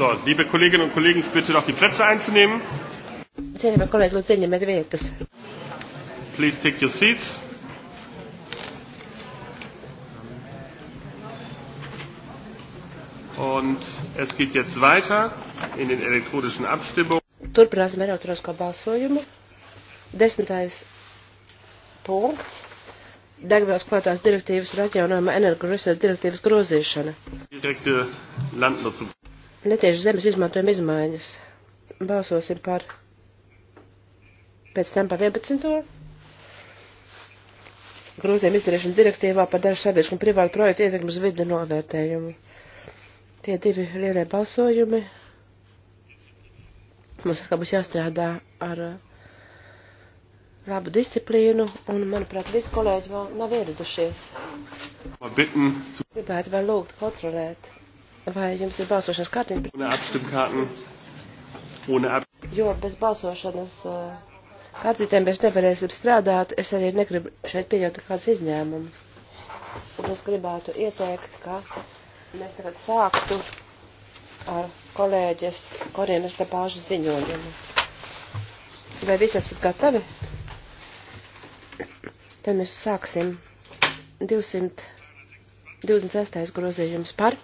So, liebe Kolleginnen und Kollegen, ich bitte noch die Plätze einzunehmen. Cienījamie kolēģi, lūdzu, ieņemiet vietas. Please take your seats. Und es geht jetzt weiter in den elektronischen Abstimmungen. Turpināsim elektronisko balsojumu. Desmitais punkts. Degvielas kvalitātes direktīvas un atjaunojama energoresursu direktīvas grozīšana. Direkte landnutzung netieši zemes izmantojuma izmaiņas. Balsosim par pēc tam par 11. grūzījumu izdarīšanu direktīvā par dažu sabiedrisku un privātu projektu ietekmes vidi novērtējumu. Tie divi lielie balsojumi. Mums atkal būs jāstrādā ar uh, labu disciplīnu, un, manuprāt, visi kolēģi vēl nav ieradušies. Gribētu vēl lūgt kontrolēt. Vai jums ir balsošanas kartiņa? Jo bez balsošanas eh, kartītēm mēs nevarēsim strādāt. Es arī negribu šeit pieļaut kādus izņēmumus. Un es gribētu ieteikt, ka mēs tagad sāktu ar kolēģes Korienas Dabāžu ziņojumu. Vai visi esat gatavi? Tad mēs sāksim 200, 26. grozījums par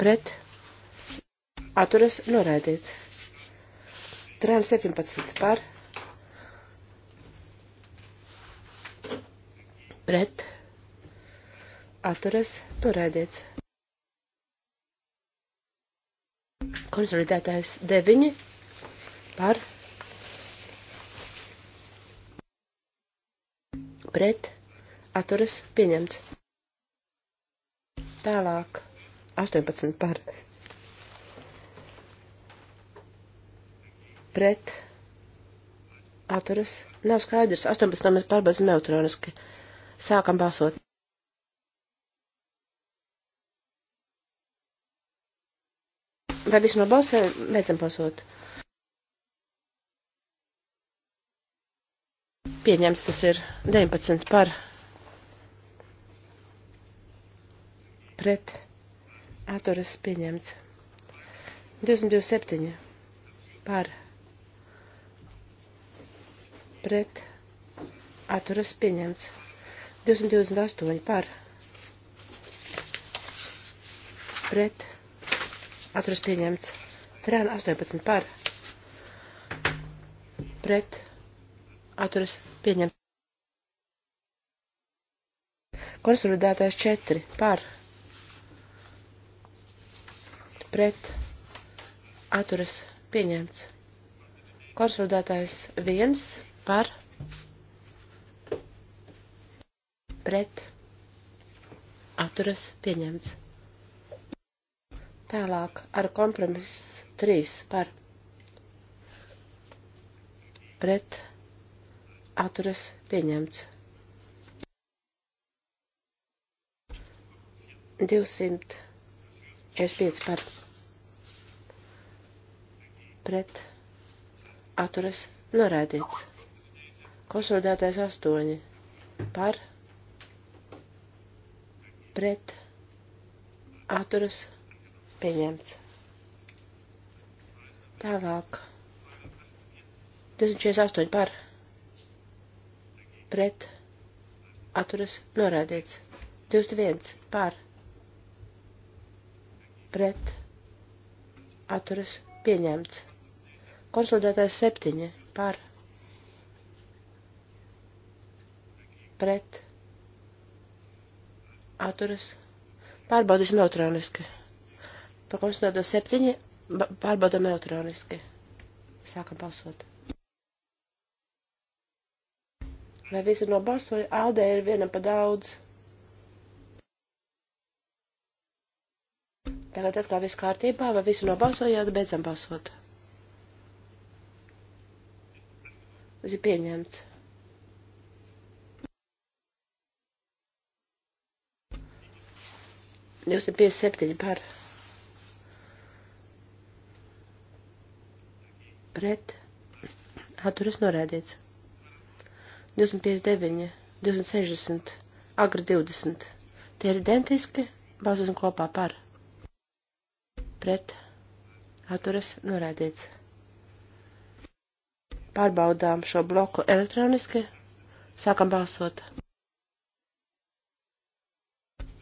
pret atturas noraidīts. Trēm 17 par pret atturas noraidīts. Konsolidētājs 9 par pret atturas pieņemts. Tālāk. 18 par pret atturas. Nav skaidrs. 18 mēs pārbaudām neutroniski. Sākam balsot. Vai viss nobalsoja? Beidzam balsot. Pieņemts tas ir 19 par pret atturas pieņemts. 227 par pret atturas pieņemts. 228 par pret atturas pieņemts. 318 par pret atturas pieņemts. Konsolidētājs 4 par pret pret atturas pieņemts. Konsolidētājs 1 par pret atturas pieņemts. Tālāk ar kompromisu 3 par pret atturas pieņemts. 200 45 par pret atturas norādīts. Konsolidētais 8 par pret atturas pieņemts. Tālāk. 248 par pret atturas norādīts. 21 par pret pret atturas pieņemts. Konsolidētais septiņi par pret atturas. Pārbaudīsim elektroniski. Par konsolidēto septiņi pārbaudam elektroniski. Sākam balsot. Vai visi nobalsoja? Aldē ir viena pa daudz. Tagad atkal viss kārtībā, vai visi nobalsojāt, beidzam balsot. Tas ir pieņemts. Jūs ir 57 par. Pret. Atturis norēdīts. 259, 260, agri 20. Tie ir identiski, balsosim kopā par pret atturas norādīts. Pārbaudām šo bloku elektroniski. Sākam balsot.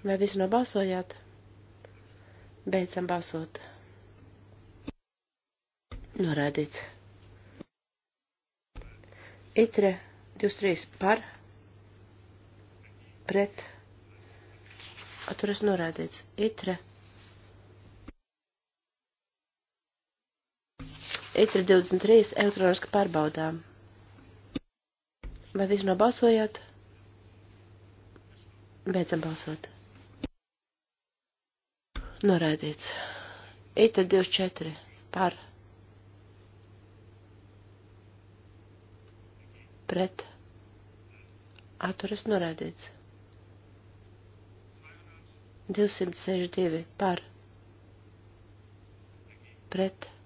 Vai visi nobalsojāt? Beidzam balsot. Norādīts. Itre 23 par pret. Atturas norādīts. Itre 23. ITRI 23 elektroniski pārbaudām. Vai visi nobalsojāt? Beidzam balsot. Noraidīts. ITRI 24 par. Pret. Atturis noraidīts. 262 par. Pret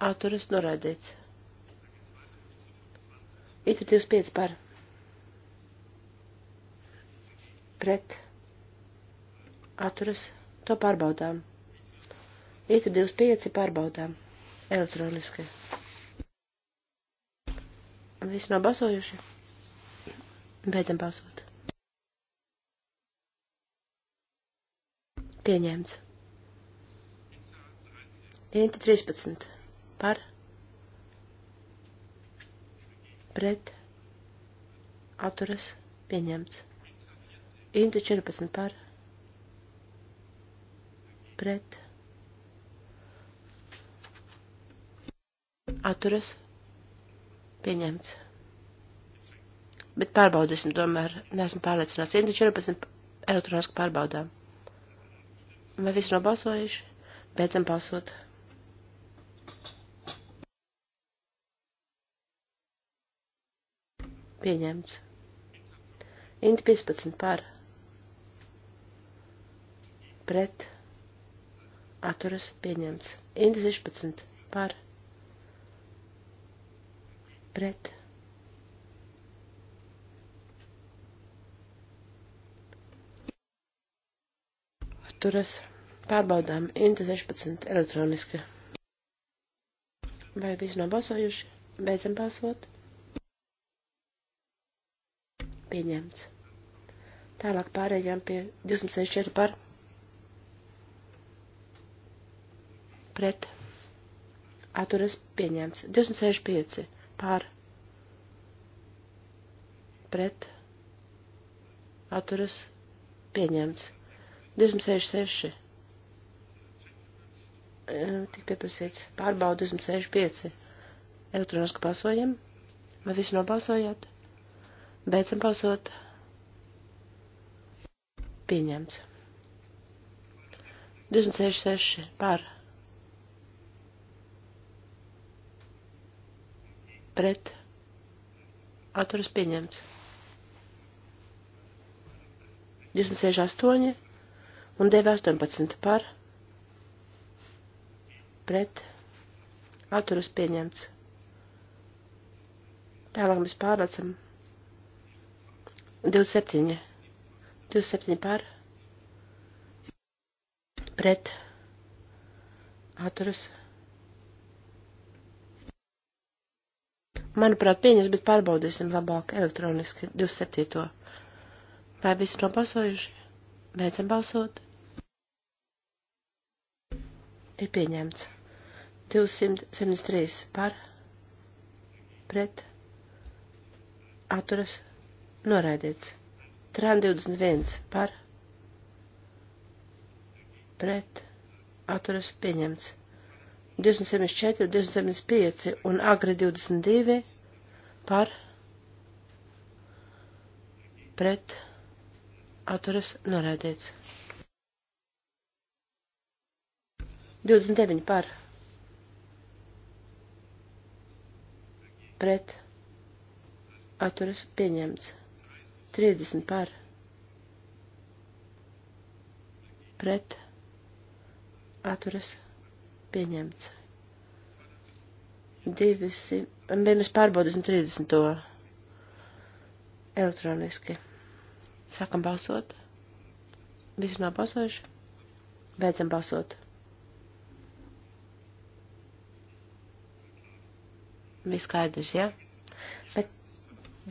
atturas noraidīts. It 25 par. Pret. Atturas. To pārbaudām. It 25 pārbaudām. Elektroniski. Visi nav balsojuši. Beidzam balsot. Pieņemts. Inti 13 par pret atturas pieņemts. Inta 14 par pret atturas pieņemts. Bet pārbaudīsim tomēr, neesmu pārliecināts. Inta 14 elektroniski pārbaudām. Vai visi nobalsojuši? Beidzam balsot. Pieņemts. Int 15 par. Pret. Atturas pieņemts. Int 16 par. Pret. Atturas. Pārbaudām. Int 16 elektroniski. Vai visi nobalsojuši? Beidzam balsot pieņemts. Tālāk pārējām pie 264 par pret atturas pieņemts. 265 par pret atturas pieņemts. 266 tik pieprasīts pārbaudu 265 elektronisku balsojumu. Vai visi nobalsojāt? Beidzam balsot. Pieņemts. 266 par. Pret. Atturas pieņemts. 268 un 918 par. Pret. Atturas pieņemts. Tālāk mēs pārlecam 27. 27 par. Pret. Atturas. Manuprāt, pieņems, bet pārbaudīsim labāk elektroniski 27. Vai visi nobalsojuši? Beidzam balsot. Ir pieņemts. 273 par. Pret. Atturas. Noraidīts. Tran 21 par. Pret. Atturas pieņemts. 274, 275 un agri 22 par. Pret. Atturas noraidīts. 29 par. Pret. Atturas pieņemts. 30 par pret atturas pieņemts. 200, mēs pārbaudīsim 30. elektroniski. Sākam balsot. Visi nav balsojuši. Beidzam balsot. Viss skaidrs, jā? Ja? Bet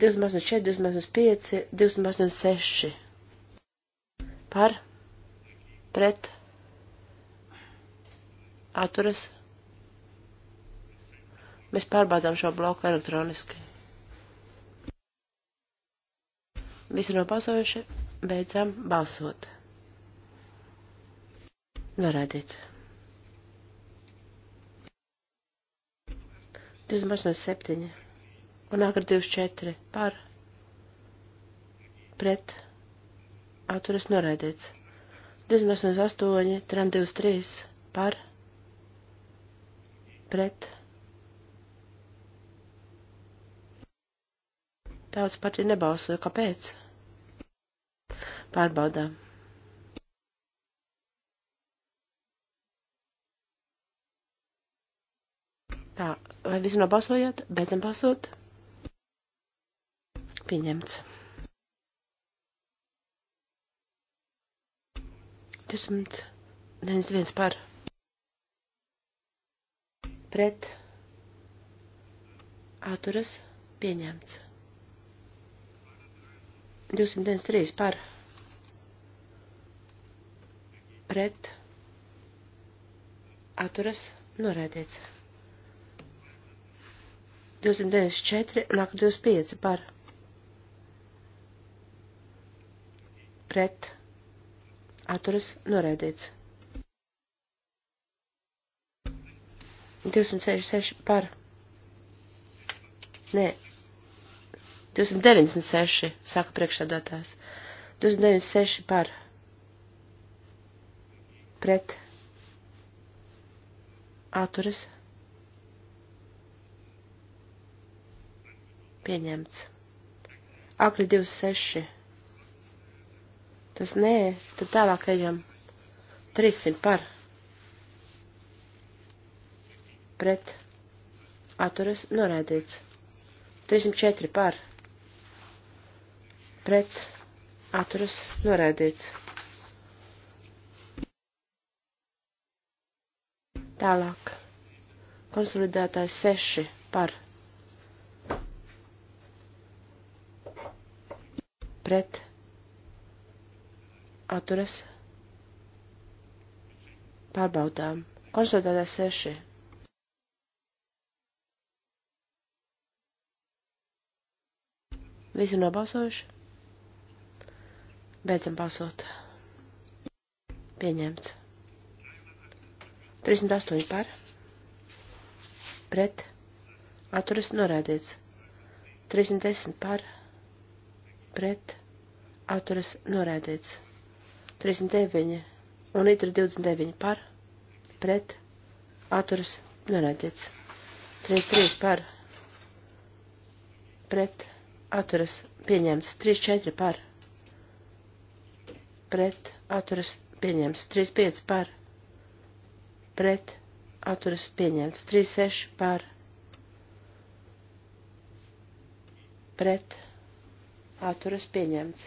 284, 285, 286 par pret atturas. Mēs pārbaudām šo bloku elektroniski. Visi nobalsojuši, beidzam balsot. Norādīts. 287 un agri 24 par pret atturas noraidīts. 28, tran 23 par pret. Tautas partija nebalsoja, kāpēc? Pārbaudām. Tā, vai visi nobalsojāt? Beidzam balsot. Pieņemts. 291 par. Pret. Atturas. Pieņemts. 293 par. Pret. Atturas. Norēdīts. 294 un 25 par. pret atturas noraidīts. 266 par. Nē. 296, saka priekšsādātājs. 296 par. Pret. Atturas. Pieņemts. Akri 26. Tas nē, tad tālāk ejam. 300 par. Pret. Atturas norādīts. 304 par. Pret. Atturas norādīts. Tālāk. Konsolidētājs 6 par. Pret atturas pārbaudām. Konstatētā seši. Visi nobalsojuši? Beidzam balsot. Pieņemts. 38 par. Pret. Atturas norādīts. 310 par. Pret. Atturas norādīts. 39 un itra 29 par, pret, atturas noraidīts. 33 par, pret, atturas pieņemts. 34 par, pret, atturas pieņemts. 35 par, pret, atturas pieņemts. 36 par, pret, atturas pieņemts.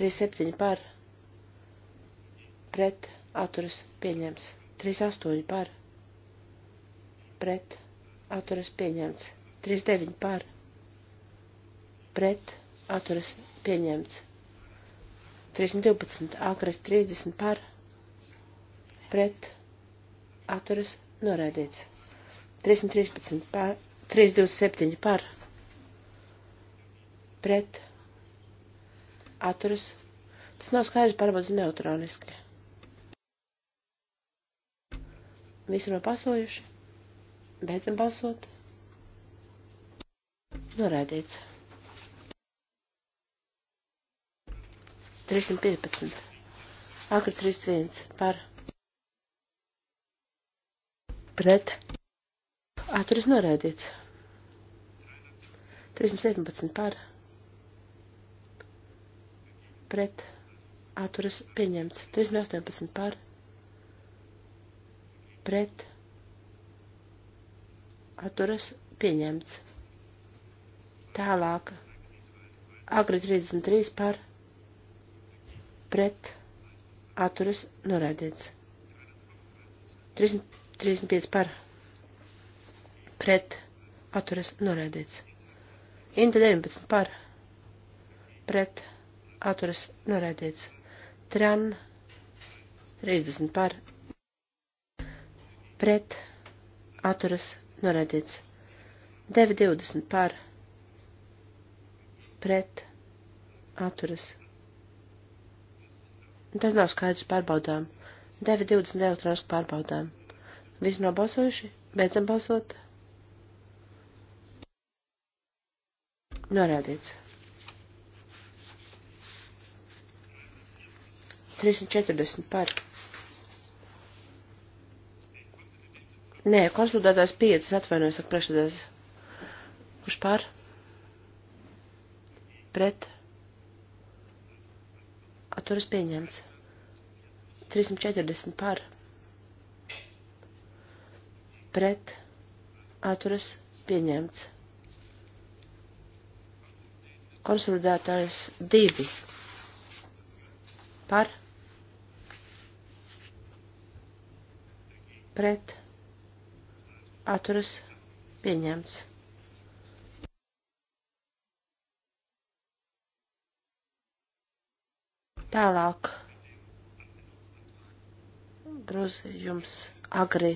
37 par, pret, pret atturas pieņemts. 38 par pret atturas pieņemts. 39 par pret atturas pieņemts. 312 ākras 30 par pret atturas noraidīts. 313 par 327 par pret atturas. Tas nav skaidrs pārbaudas neutroniski. Visi nopasojuši. Beidzam balsot. Norādīts. 315. Akri 31 par. Pret. Atturis norādīts. 317 par. Pret. Atturis pieņemts. 318 par pret atturas pieņemts. Tālāk. Agri 33 par pret atturas norādīts. 35 par pret atturas norādīts. Inta 19 par pret atturas norādīts. Tran 30 par pret atturas noraidīts. 9.20 par pret atturas. Tas nav skaidrs pārbaudām. 9.20 elektronisku pārbaudām. Visi nobalsojuši? Beidzam balsot. Norādīts. 340 par Nē, konsultētājs 5, atvainojos, saka priekšsēdētājs. Kurš pār? Pret? Atturas pieņemts. 340 pār. Pret? Atturas pieņemts. Konsolidētājs 2. Par? Pret? atturas pieņemts. Tālāk grozījums agri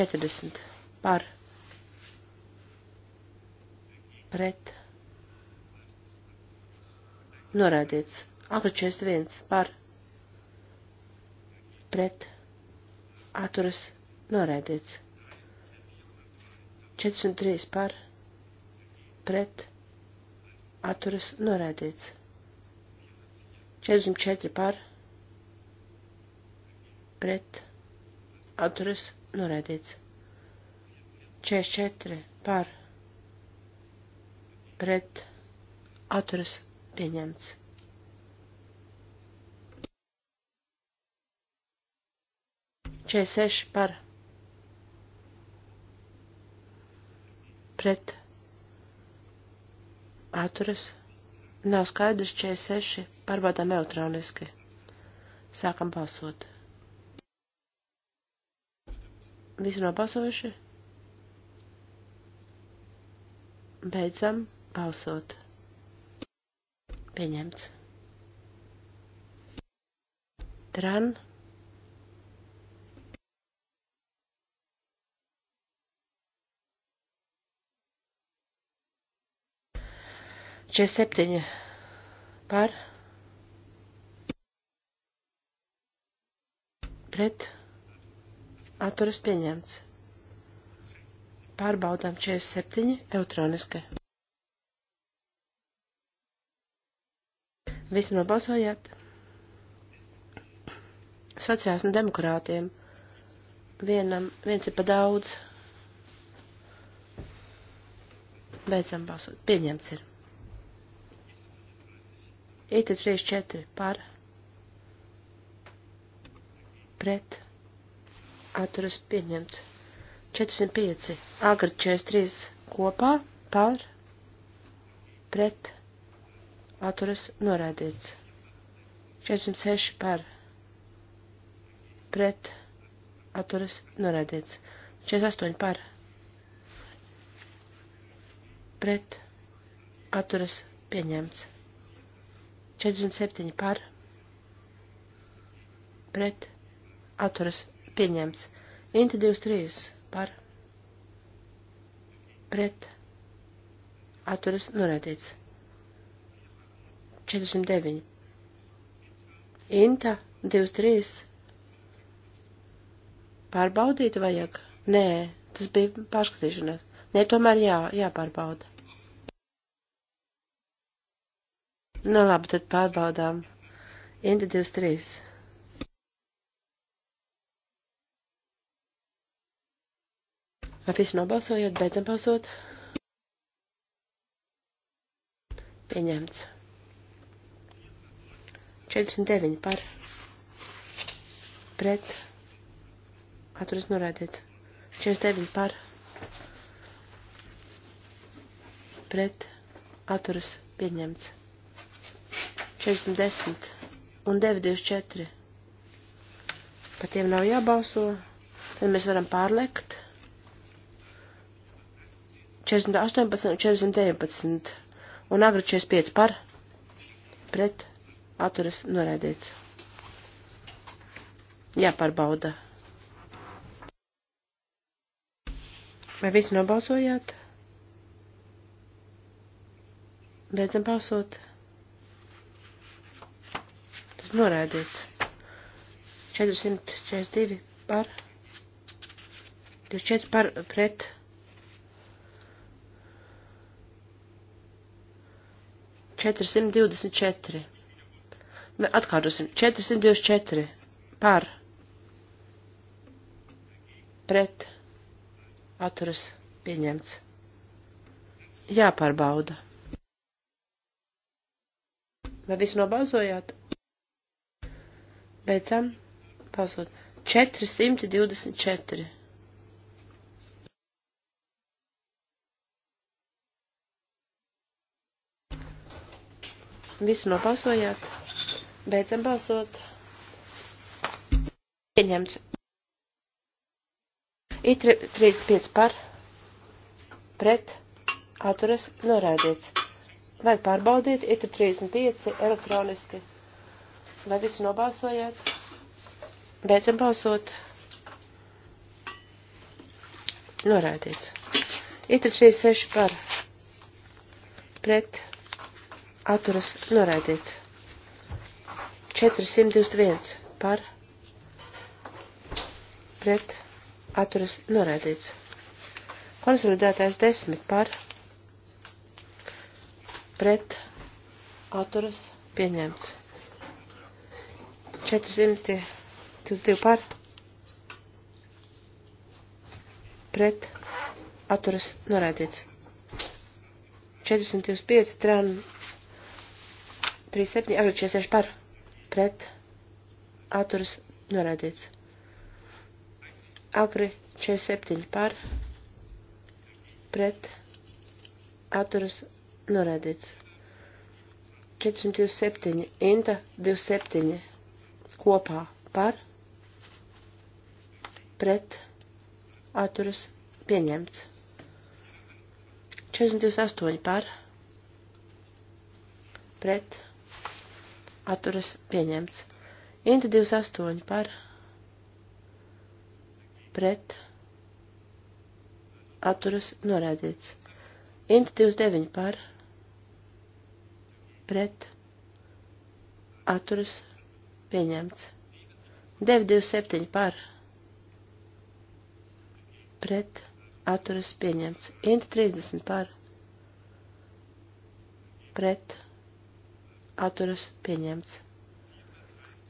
40 par pret norādīts agri 41 par pret atturas norādīts. 43 par pret atturas norēdīts. 44 par pret atturas norēdīts. 44 par pret atturas pieņemts. Četrdesmit seši par pret atturas nav skaidrs 46, pārbaudām elektroniski. Sākam balsot. Visi nobalsojuši? Beidzam balsot. Pieņemts. Tran 47 par pret atturas pieņemts. Pārbaudām 47 elektroniski. Visi nobalsojāt. Sociāls un demokrātiem. Vienam, viens ir pa daudz. Beidzam balsot. Pieņemts ir. Eita 34 par pret atturas pieņemts. 405 agri 43 kopā par pret atturas noraidīts. 406 par pret atturas noraidīts. 48 par pret atturas pieņemts. 47 par, pret, atturas, pieņemts. Inti 23 par, pret, atturas, norētīts. 49. Inta 23. Pārbaudīt vajag? Nē, tas bija pārskatīšanās. Nē, tomēr jā, jāpārbauda. Nu labi, tad pārbaudām. Inti 23. Vai visi nobalsojot, beidzam balsot? Pieņemts. 49 par. Pret. Atturis norādīts. 49 par. Pret. Atturis pieņemts. 410 un 924. Par tiem nav jābalso. Tad mēs varam pārlekt. 418 un 419 un agri 45 par pret atturas noraidīts. Jāpārbauda. Vai visi nobalsojāt? Beidzam balsot. Noraidīts. 442 par. 24 par pret. Četrsimt divdesmit četri. Atkārtosim. Četrsimt divdesmit četri. Par. Pret. Atturas. Pieņemts. Jāpārbauda. Vai visu nobalsojāt? Beidzam balsot. 424. Visi nobalsojāt. Beidzam balsot. Pieņemts. Itri 35 par. Pret. Atturas norādīts. Vajag pārbaudīt. Itri 35 elektroniski. Vai visi nobalsojāt? Beidzam balsot. Norādīts. Ir 36 par. Pret. Atturas. Norādīts. 421 par. Pret. Atturas. Norādīts. Konsolidētājs 10 par. Pret. Atturas. Pieņemts. 422 par pret atturas norādīts. 425 tran 37 agri 46 par pret atturas norādīts. Agri 47 par pret atturas norādīts. 427 inta 27 kopā par pret atturas pieņemts. 428 par pret atturas pieņemts. Inta 28 par pret atturas norādīts. Inta 29 par pret atturas pieņemts Pieņemts. 927 par. Pret. Atturas pieņemts. Int 30 par. Pret. Atturas pieņemts.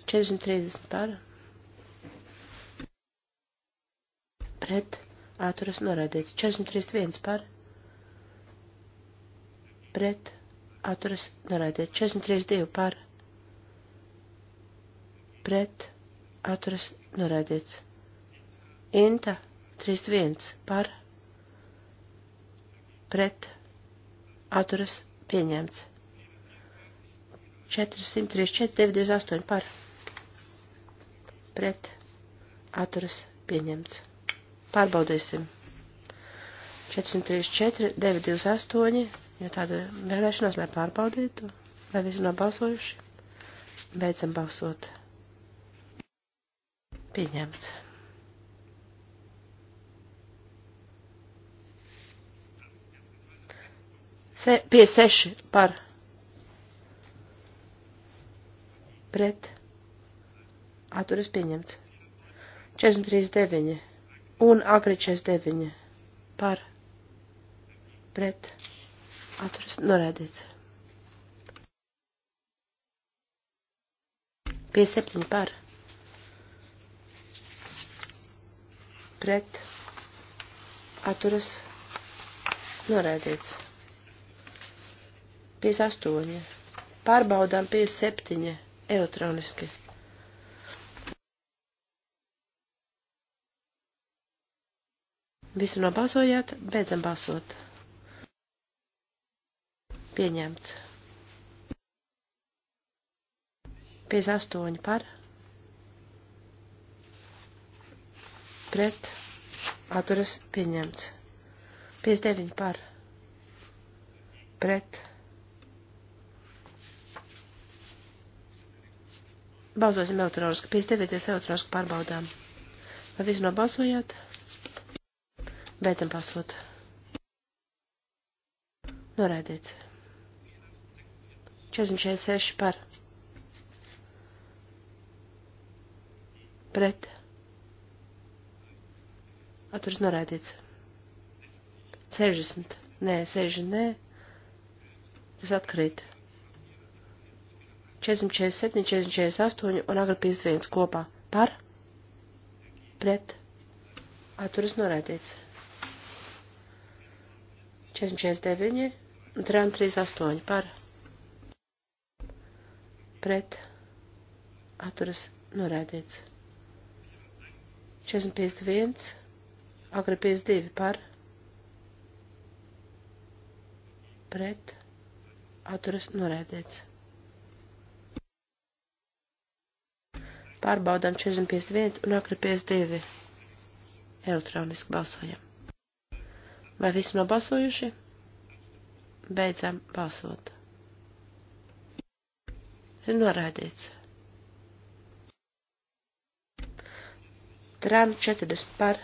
430 par. Pret. Atturas noraidīts. 431 par. Pret. Atturas noraidīts. 432 par pret atturas noraidīts. Inta 31 par pret atturas pieņemts. 434, 928 par pret atturas pieņemts. Pārbaudīsim. 434, 928, jo tāda vēlēšanās, lai pārbaudītu, vai visi nobalsojuši. Beidzam balsot. Pieņemts. Se, pie seši par. Pret. Atturis pieņemts. 43.9. Un agri 49. Par. Pret. Atturis norēdīts. Pie septiņi par. pret atturas noraidīts. 58. Pārbaudām 57 elektroniski. Visu nobalsojāt, beidzam balsot. Pieņemts. 58 par pret atturas pieņemts. 59 par pret. Balsosim elektroniski. 59 elektroniski pārbaudām. Vai visi nobalsojāt? Beidzam balsot. Noraidīts. 46 par pret Atturas norādīts. 60. Nē, 60. Nē. Tas atkrīt. 447, 448 un agri 51 kopā. Par? Pret? Atturas norādīts. 449 un 338 par? Pret? Atturas norādīts. 451 Agri 52 par. Pret. Atturas norēdīts. Pārbaudām 451 un Agri 52. Elektroniski balsojam. Vai visi nobalsojuši? Beidzam balsot. Ir norādīts. Tram 40 par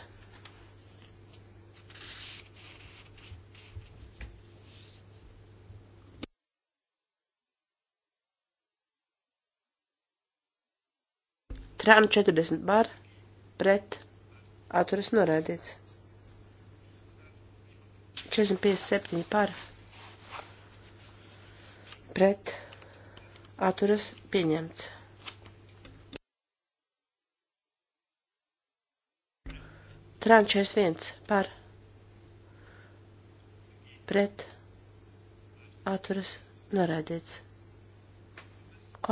Rām 40 par pret atturas norādīts. 457 par pret atturas pieņemts. Trančers viens par pret atturas norādīts.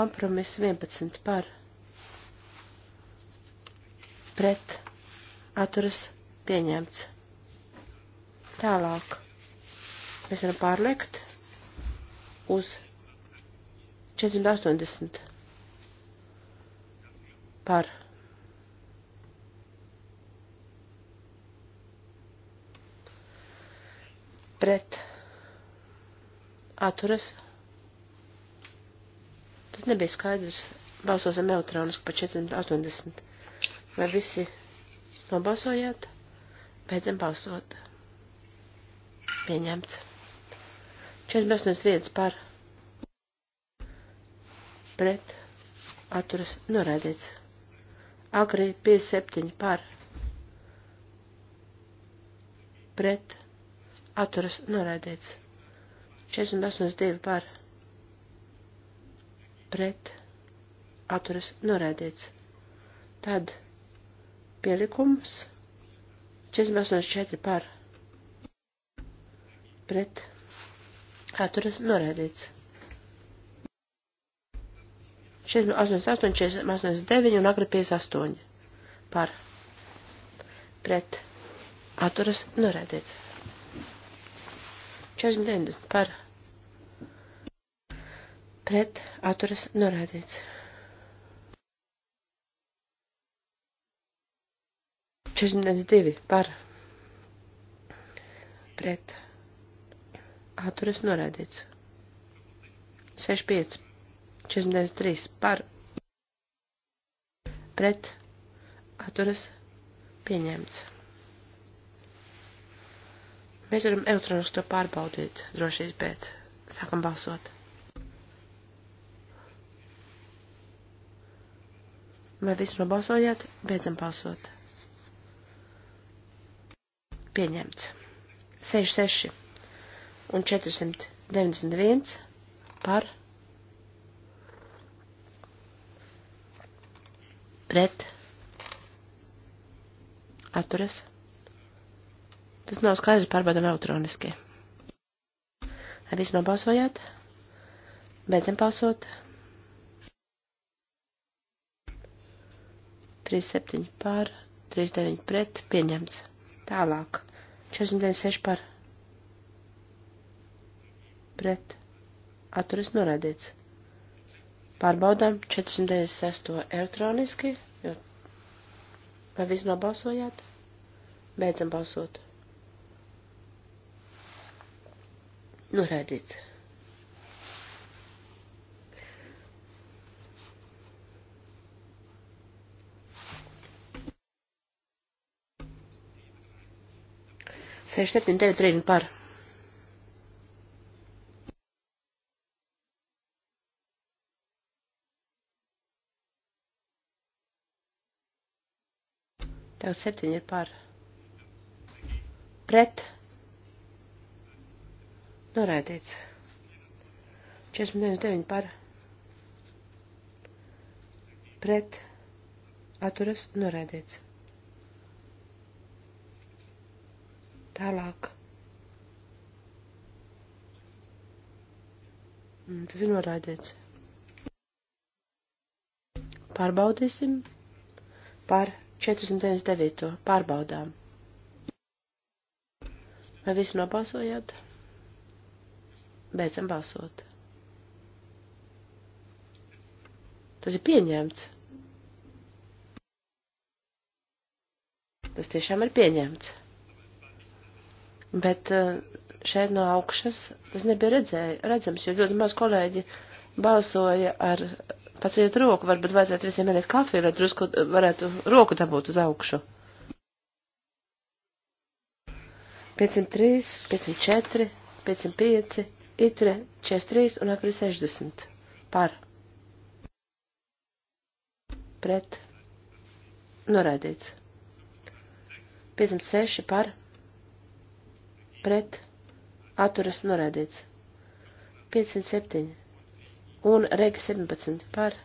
Kompromiss 11 par pret pret atturas pieņemts. Tālāk mēs varam pārliekt uz 480 par. Pret atturas. Tas nebija skaidrs. Balsosim elektroniski par 480. Vai visi nobalsojāt? Beidzam balsot. Pieņemts. 41 par. Pret. Atturas norādīts. Agri 57 par. Pret. Atturas norādīts. 482 par. Pret. Atturas norādīts. Tad Pielikums 48.4 par pret atturas norēdīts. 88, 89 un agri 58 par pret atturas norēdīts. 490 par pret atturas norēdīts. 42 par pret atturas norādīts. 65 43 par pret atturas pieņemts. Mēs varam elektroniski to pārbaudīt drošības pēc. Sākam balsot. Vai viss nobalsojāt? Beidzam balsot pieņemts. 66 un 491 par pret atturas. Tas nav skaidrs, pārbaudam elektroniski. Vai visi nobalsojāt? Beidzam balsot. 37 pār, 39 pret, pieņemts. Tālāk. 49.6 par. Pret. Atturis norādīts. Pārbaudām 496 elektroniski, jo vai viss nobalsojāt? Beidzam balsot. Norādīts. 6793 par. Tagad septiņi ir par. Pret. Norēdīts. 49 par. Pret. Atturas norēdīts. Tālāk. Mm, tas ir noraidīts. Pārbaudīsim par 499. Pārbaudām. Vai visi nobalsojāt? Beidzam balsot. Tas ir pieņemts. Tas tiešām ir pieņemts. Bet eh, šeit no augšas tas nebija redzēja, redzams, jo ļoti maz kolēģi balsoja ar paciet roku, varbūt vajadzētu visiem ieliet kafiju, lai drusku varētu roku dabūt uz augšu. 503, 504, 505, itre 43 un apri 60. Par. Pret. Noraidīts. 506 par pret atturas norēdīts. 507 un reg 17 par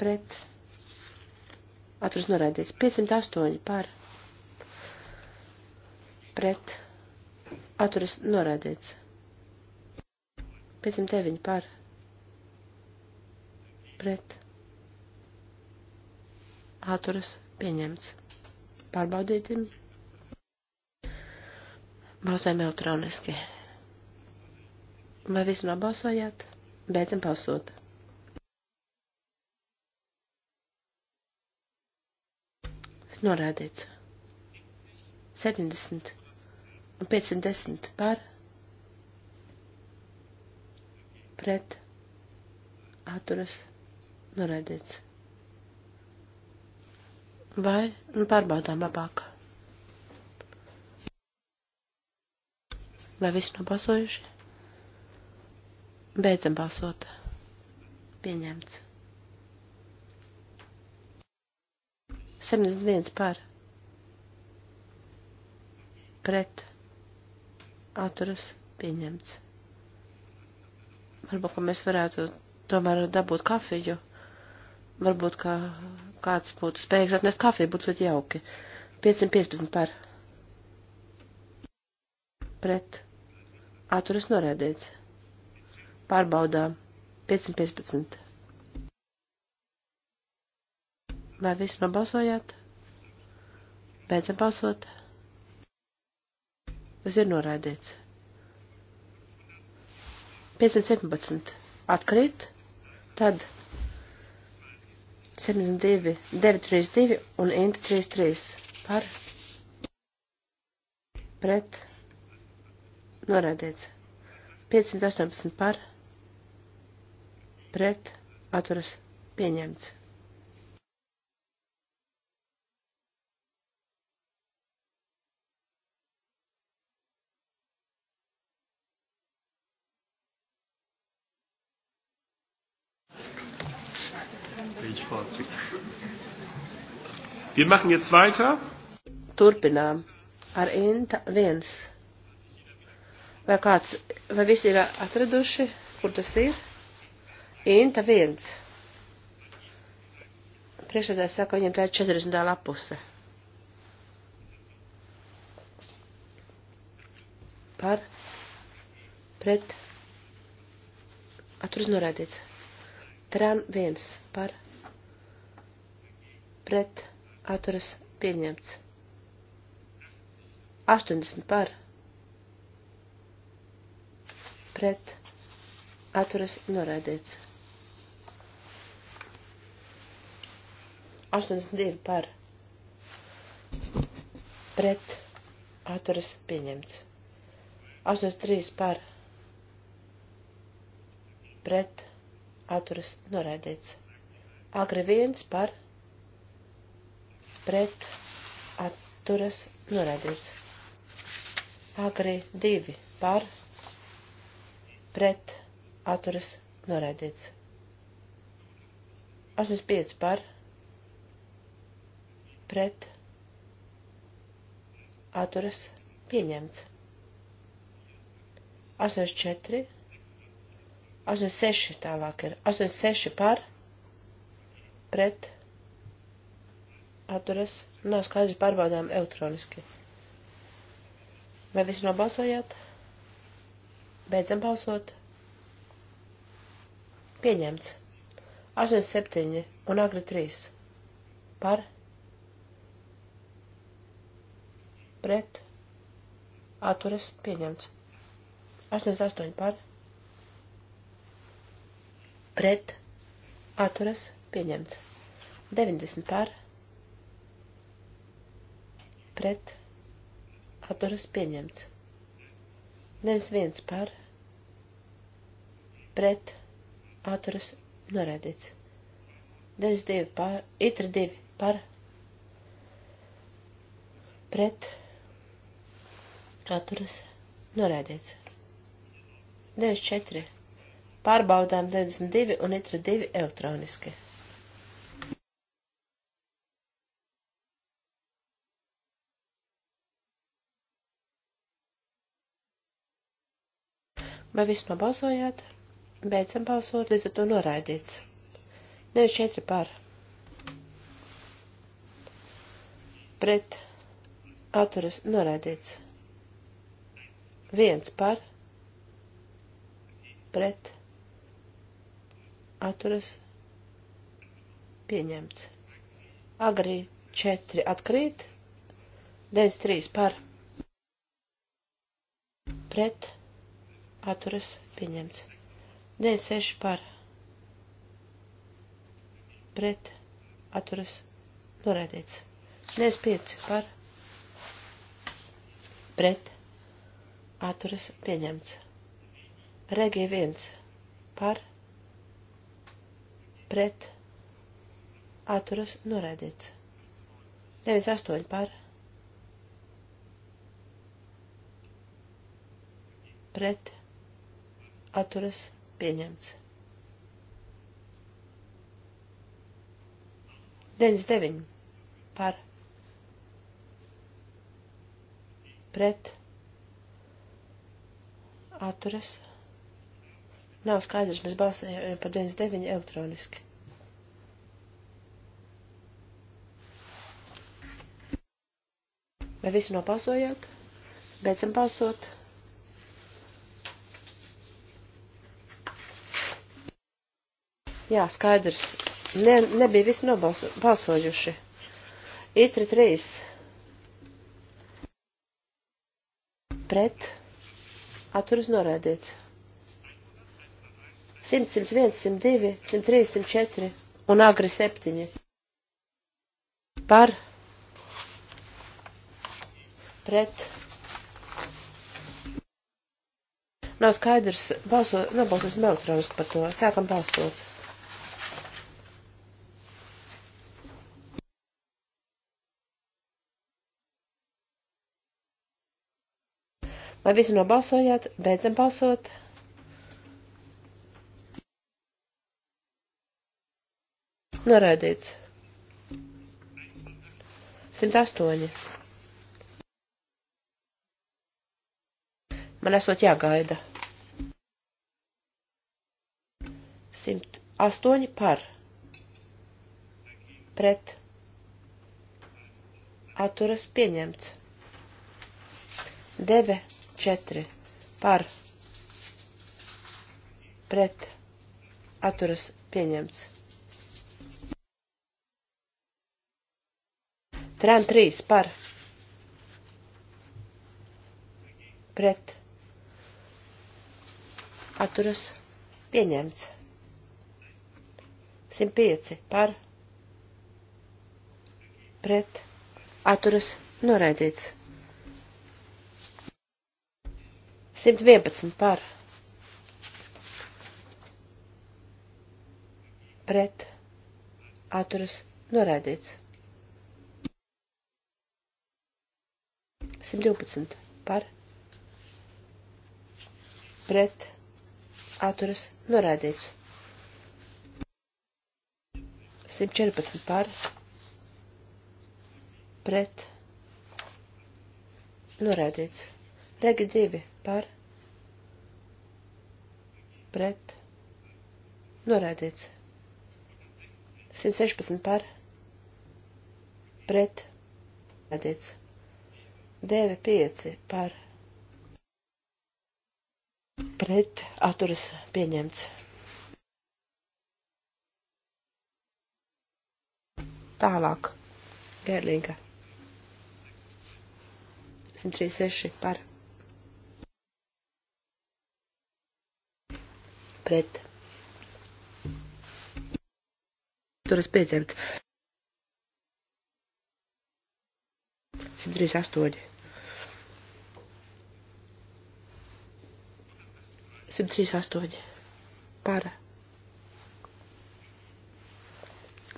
pret atturas norēdīts. 508 par pret atturas norēdīts. 509 par pret atturas pieņemts. Pārbaudītim. Balsojam elektroniski. Vai visi nobalsojāt? Beidzam balsot. Es norādīts. 70 un 510 par pret atturas norādīts. Vai nu pārbaudām labāk? Vai viss nobalsojuši? Beidzam balsot. Pieņemts. 71 par. Pret. Atturas pieņemts. Varbūt, ka mēs varētu tomēr dabūt kafiju. Varbūt, ka kāds būtu spējīgs atnest kafiju, būtu ļoti jauki. 515 par. Pret. Atturas norēdīts. Pārbaudām. 515. Vai visi nobalsojāt? Beidzam balsot. Tas ir noraidīts. 517. Atkrīt. Tad 72, 932 un Inta 33 par pret Norādīts. 518 par, pret, atturas, pieņemts. Wir machen jetzt weiter. Turpinām ar Inta 1. Vai kāds, vai visi ir atraduši, kur tas ir? Inta viens. Priekšsēdētājs saka, viņam tā ir 40. lapuse. Par, pret, atturis norādīts. Tran viens par, pret, atturis pieņemts. 80 par, pret pret atturas noraidīts. 82 par pret atturas pieņemts. 83 par pret atturas noraidīts. Agri viens par pret atturas noraidīts. Agri divi par pret pret atturas noraidīts. 85 par pret atturas pieņemts. 84, 86 tālāk ir, 86 par pret atturas, nav skaidrs pārbaudām elektroniski. Vai visi nobalsojāt? Beidzam balsot. Pieņemts. 87 un agri 3. Par. Pret. Atturas. Pieņemts. 88 par. Pret. Atturas. Pieņemts. 90 par. Pret. Atturas. Pieņemts. Nevis viens par, pret, atturas norēdīts. Nevis divi par, itri divi par, pret, atturas norēdīts. Nevis četri. Pārbaudām 92 un itri divi elektroniski. Vai viss nobalsojāt? Beidzam balsot, līdz ar to noraidīts. 94 par. Pret atturas noraidīts. 1 par. Pret atturas pieņemts. Agrī 4 atkrīt, 93 par pret atturas pieņemts. 96 par pret atturas norēdīts. 95 par pret atturas pieņemts. Regi 1 par pret atturas norēdīts. 98 par pret atturas pieņemts. 99 par pret atturas. Nav skaidrs, mēs balsējam par 99 elektroniski. Vai visi nopasojāt? Beidzam balsot. Jā, skaidrs. Ne, nebija visi nobalsojuši. Itri trīs. Pret. Atturas norēdīts. 100, 101, 102, 103, 104 un agri 7. Par. Pret. Nav skaidrs, balso, nobalsosim elektroniski par to. Sākam balsot. Vai visi nobalsojāt? Beidzam balsot. Noraidīts. 108. Man esot jāgaida. 108 par. Pret. Atturas pieņemts. Deve 4 par pret atturas pieņemts. Tran 3 par pret atturas pieņemts. 105 par pret atturas noraidīts. 111 par. Pret. Atturas norādīts. 112 par. Pret. Atturas norādīts. 114 par. Pret. Norādīts. Regi 2 par pret noraidīts. 116 par pret noraidīts. 95 par pret atturas pieņemts. Tālāk. Gerlinga. 136 par pret pret. Turas pieņemts. 138. 138. Para.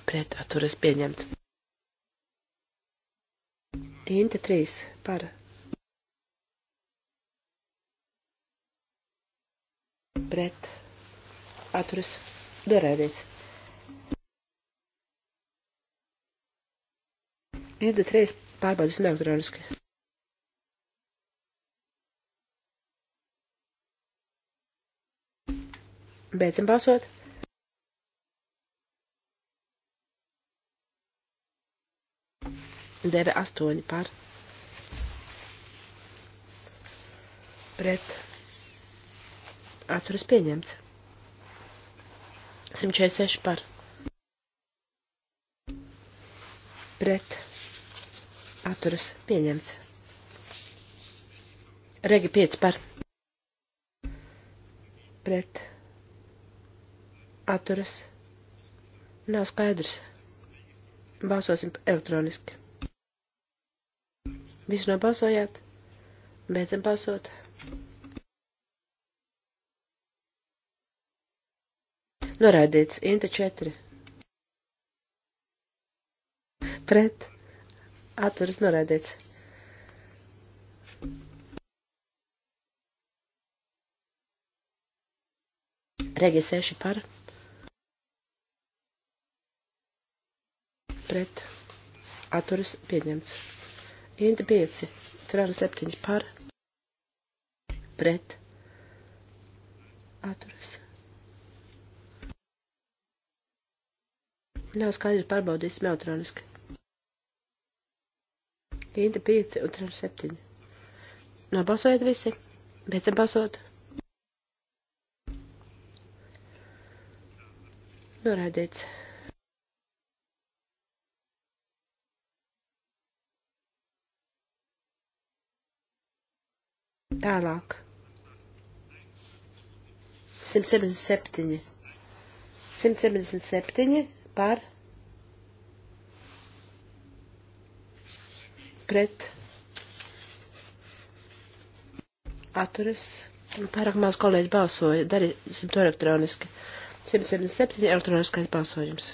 Pret atturas pieņemts. Inta 3. Para. Pret atturas norēdīts. Ida 3 pārbaudas elektroniski. Beidzam balsot. Deve astoņi par. Pret. Atturas pieņemts. 146 par. Pret. Atturas pieņemts. Regi 5 par. Pret. Atturas. Nav skaidrs. Balsosim elektroniski. Visu nobalsojāt? Beidzam balsot. Noraidīts. Inta 4. Pret. Atturas noraidīts. Regi 6 par. Pret. Atturas pieņemts. Inta 5. Trāna 7 par. Pret. Atturas. Nav skaidrs, pārbaudīsim elektroniski. Inta 5 un 3 7. Nobalsojiet visi. Beidzam balsot. Noraidīts. Tālāk. 177. 177 par pret atturas. Pārāk maz kolēģi balsoja, darīsim to elektroniski. 177 elektroniskais balsojums.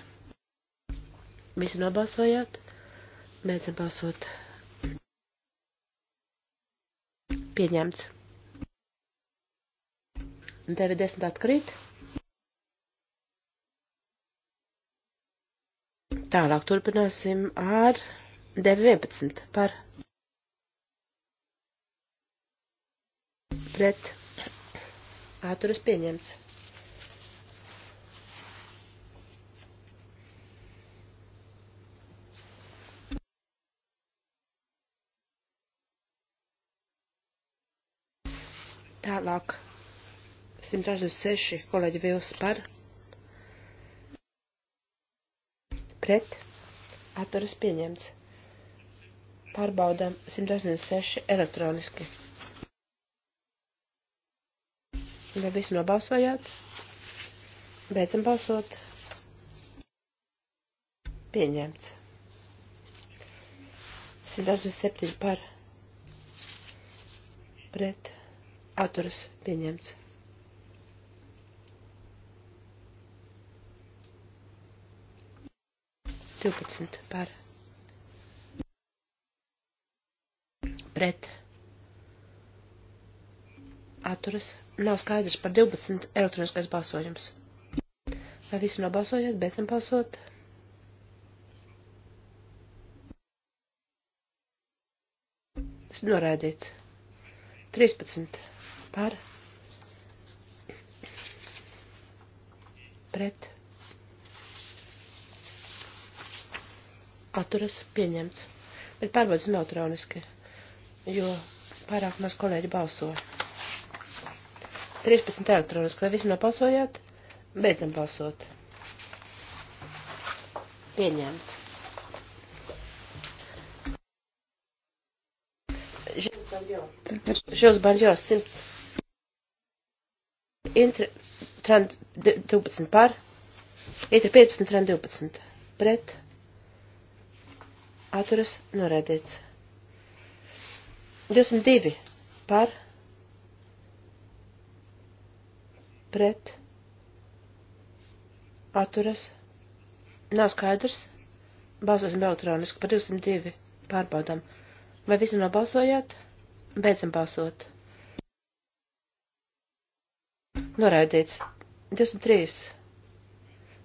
Visi nobalsojāt, beidzam balsot. Pieņemts. 90 atkrīt. Tālāk turpināsim ar 9.11 par pret āturas pieņemts. Tālāk 186 kolēģi vils par pret pret atturas pieņemts. Pārbaudām 186 elektroniski. Vai visi nobalsojāt? Beidzam balsot. Pieņemts. 187 par pret atturas pieņemts. 12 par pret atturas. Nav skaidrs par 12 elektroniskais balsojums. Vai visi nobalsojat, beidzam balsot? Tas noraidīts. 13 par pret atturas pieņemts. Bet pārbaudīsim elektroniski, jo pārāk maz kolēģi balso. 13 elektroniski, vai visi nopalsojāt? Beidzam balsot. Pieņemts. Žils Barjos 100. Intri 12 par. Intri 15, 12 pret atturas noraidīts. 22 par pret atturas nav skaidrs. Balsosim elektroniski par 202. Pārbaudām. Vai visi nobalsojāt? Beidzam balsot. Noraidīts. 23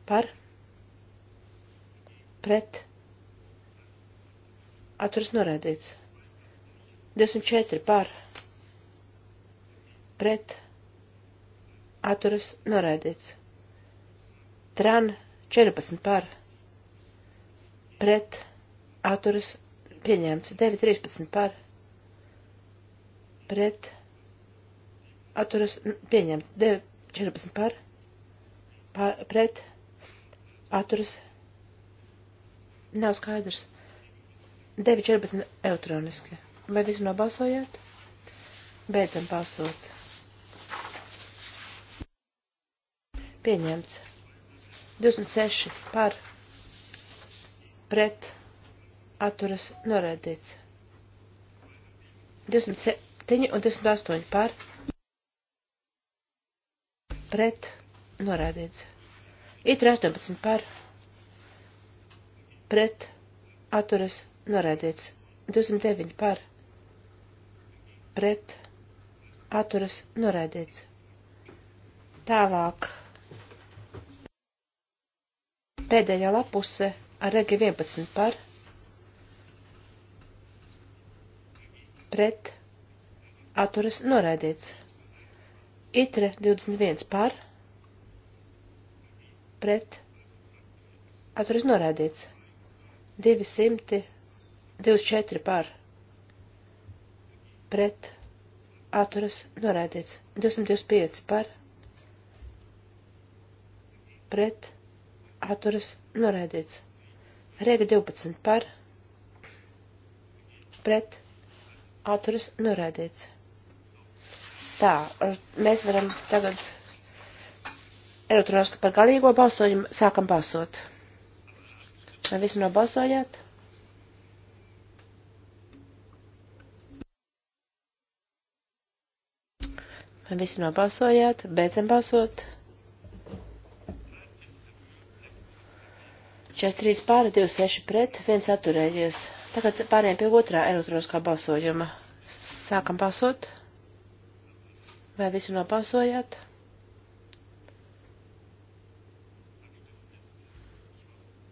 par pret atturas noraidīts. 204 par pret atturas noraidīts. Tran 14 par pret atturas pieņemts. 913 par pret atturas pieņemts. 914 par, par pret atturas nav skaidrs. 9.14 elektroniski. Vai visi nobalsojāt? Beidzam balsot. Pieņemts. 26 par pret atturas norēdīts. 27 un 28 par pret norēdīts. It 18 par pret atturas Norēdīts. 209 par. Pret. Atturas. Norēdīts. Tālāk. Pēdējā lapuse ar regi 11 par. Pret. Atturas. Norēdīts. Itre 21 par. Pret. Atturas. Norēdīts. 200. 24 par pret atturas norēdīts. 225 par pret atturas norēdīts. Rēga 12 par pret atturas norēdīts. Tā, mēs varam tagad elektroniski par galīgo balsojumu sākam balsot. Vai visi nobalsojāt? Vai visi nobalsojāt? Beidzam balsot. 43 pāri, 26 pret, viens atturējies. Tagad pārējiem pie otrā elektroniskā balsojuma. Sākam balsot. Vai visi nobalsojāt?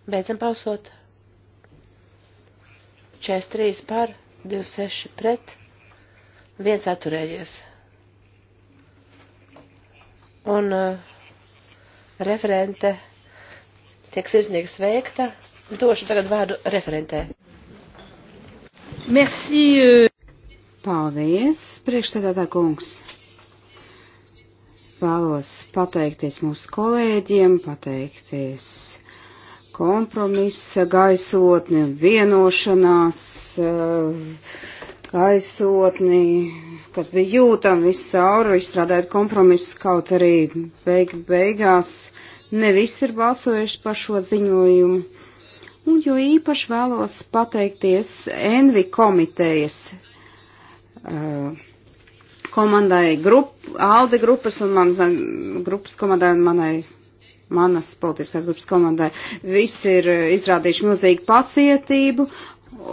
Beidzam balsot. 43 pār, 26 pret, viens atturējies. Un uh, referente tiek sirsnīgi sveikta. Došu tagad vārdu referentē. Merci. Uh. Paldies, priekšsēdētā kungs. Vēlos pateikties mūsu kolēģiem, pateikties kompromisa gaisotni, vienošanās. Uh, gaisotni, kas bija jūtama viscauri, izstrādājot kompromisus, kaut arī beig beigās ne visi ir balsojuši par šo ziņojumu. Un jo īpaši vēlos pateikties Envi komitejas uh, komandai, grup, ALDE grupas un man, grupas komandai un manai manas politiskās grupas komandai. Visi ir uh, izrādījuši milzīgu pacietību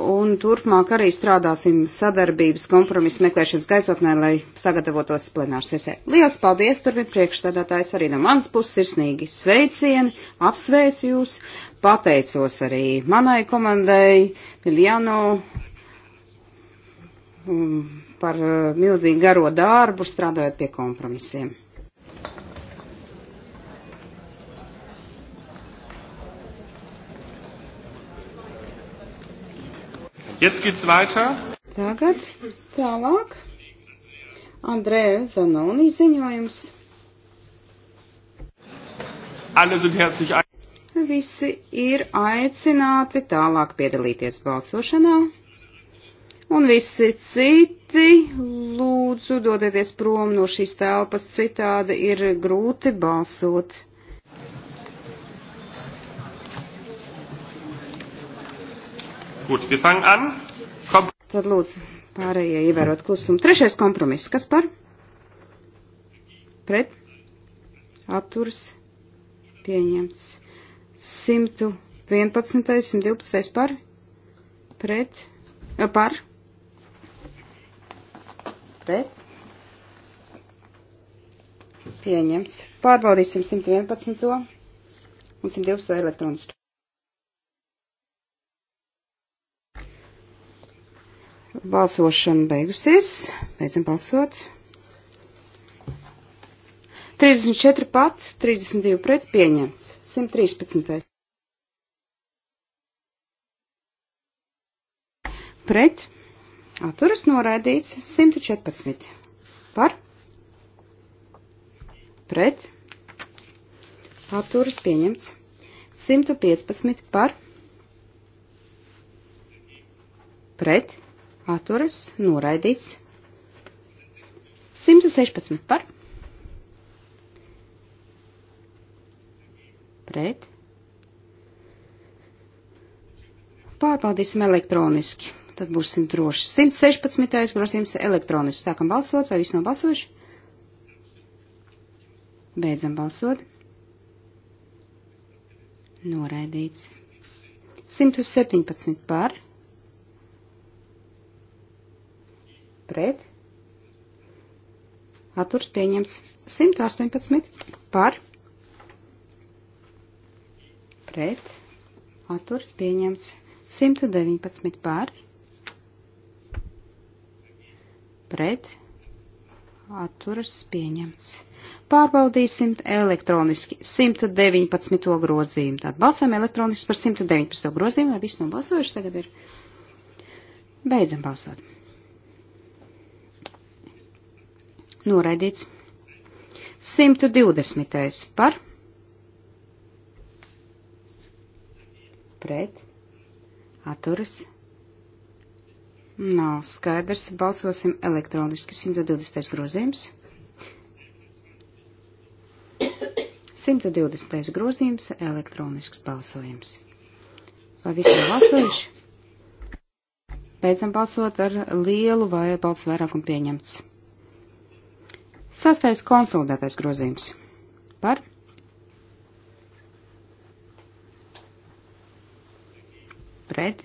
Un turpmāk arī strādāsim sadarbības kompromisu meklēšanas gaisotnē, lai sagatavotos plenāru sesē. Lielas paldies, turpin priekšstādātājs arī no manas puses sirsnīgi sveicieni, apsveicu jūs, pateicos arī manai komandai, Miljano, um, par uh, milzīgi garo darbu, strādājot pie kompromisiem. Jetzt geht's weiter. Tagad tālāk. Andrēja Zanoni ziņojums. Alle sind herzlich ein. Visi ir aicināti tālāk piedalīties balsošanā. Un visi citi, lūdzu, dodieties prom no šīs telpas, citādi ir grūti balsot. Gut, wir fangen an. Kom Tad lūdzu, pārējie ievērot klusumu. Trešais kompromiss. Kas par? Pret? Atturs? Pieņemts. 111. 112. par? Pret? Par? Pret? Pieņemts. Pārbaudīsim 111. un 112. elektroniski. Balsošana beigusies. Beidzam balsot. 34 pat, 32 pret pieņemts. 113. Pret. Atturas noraidīts 114. Par. Pret. Atturas pieņemts 115 par. Pret atturas noraidīts. 116 par. Pret. Pārbaudīsim elektroniski. Tad būsim droši. 116. grozījums elektroniski. Sākam balsot, vai viss nav balsojuši? Beidzam balsot. Noraidīts. 117 par. pret, atturs pieņemts 118 par, pret, atturs pieņemts 119 par, pret, atturs pieņemts. Pārbaudīsim elektroniski 119. grozījumu. Tātad balsojam elektroniski par 119. grozījumu, vai viss nobalsojuši tagad ir. Beidzam balsot. Noraidīts. 120. par. Pret. Atturas. Nav skaidrs. Balsosim elektroniski. 120. grozījums. 120. grozījums - elektronisks balsojums. Vai visi ir balsojuši? Beidzam balsot ar lielu vai balsu vairākumu pieņemts. Sastais konsolidētais grozījums par pret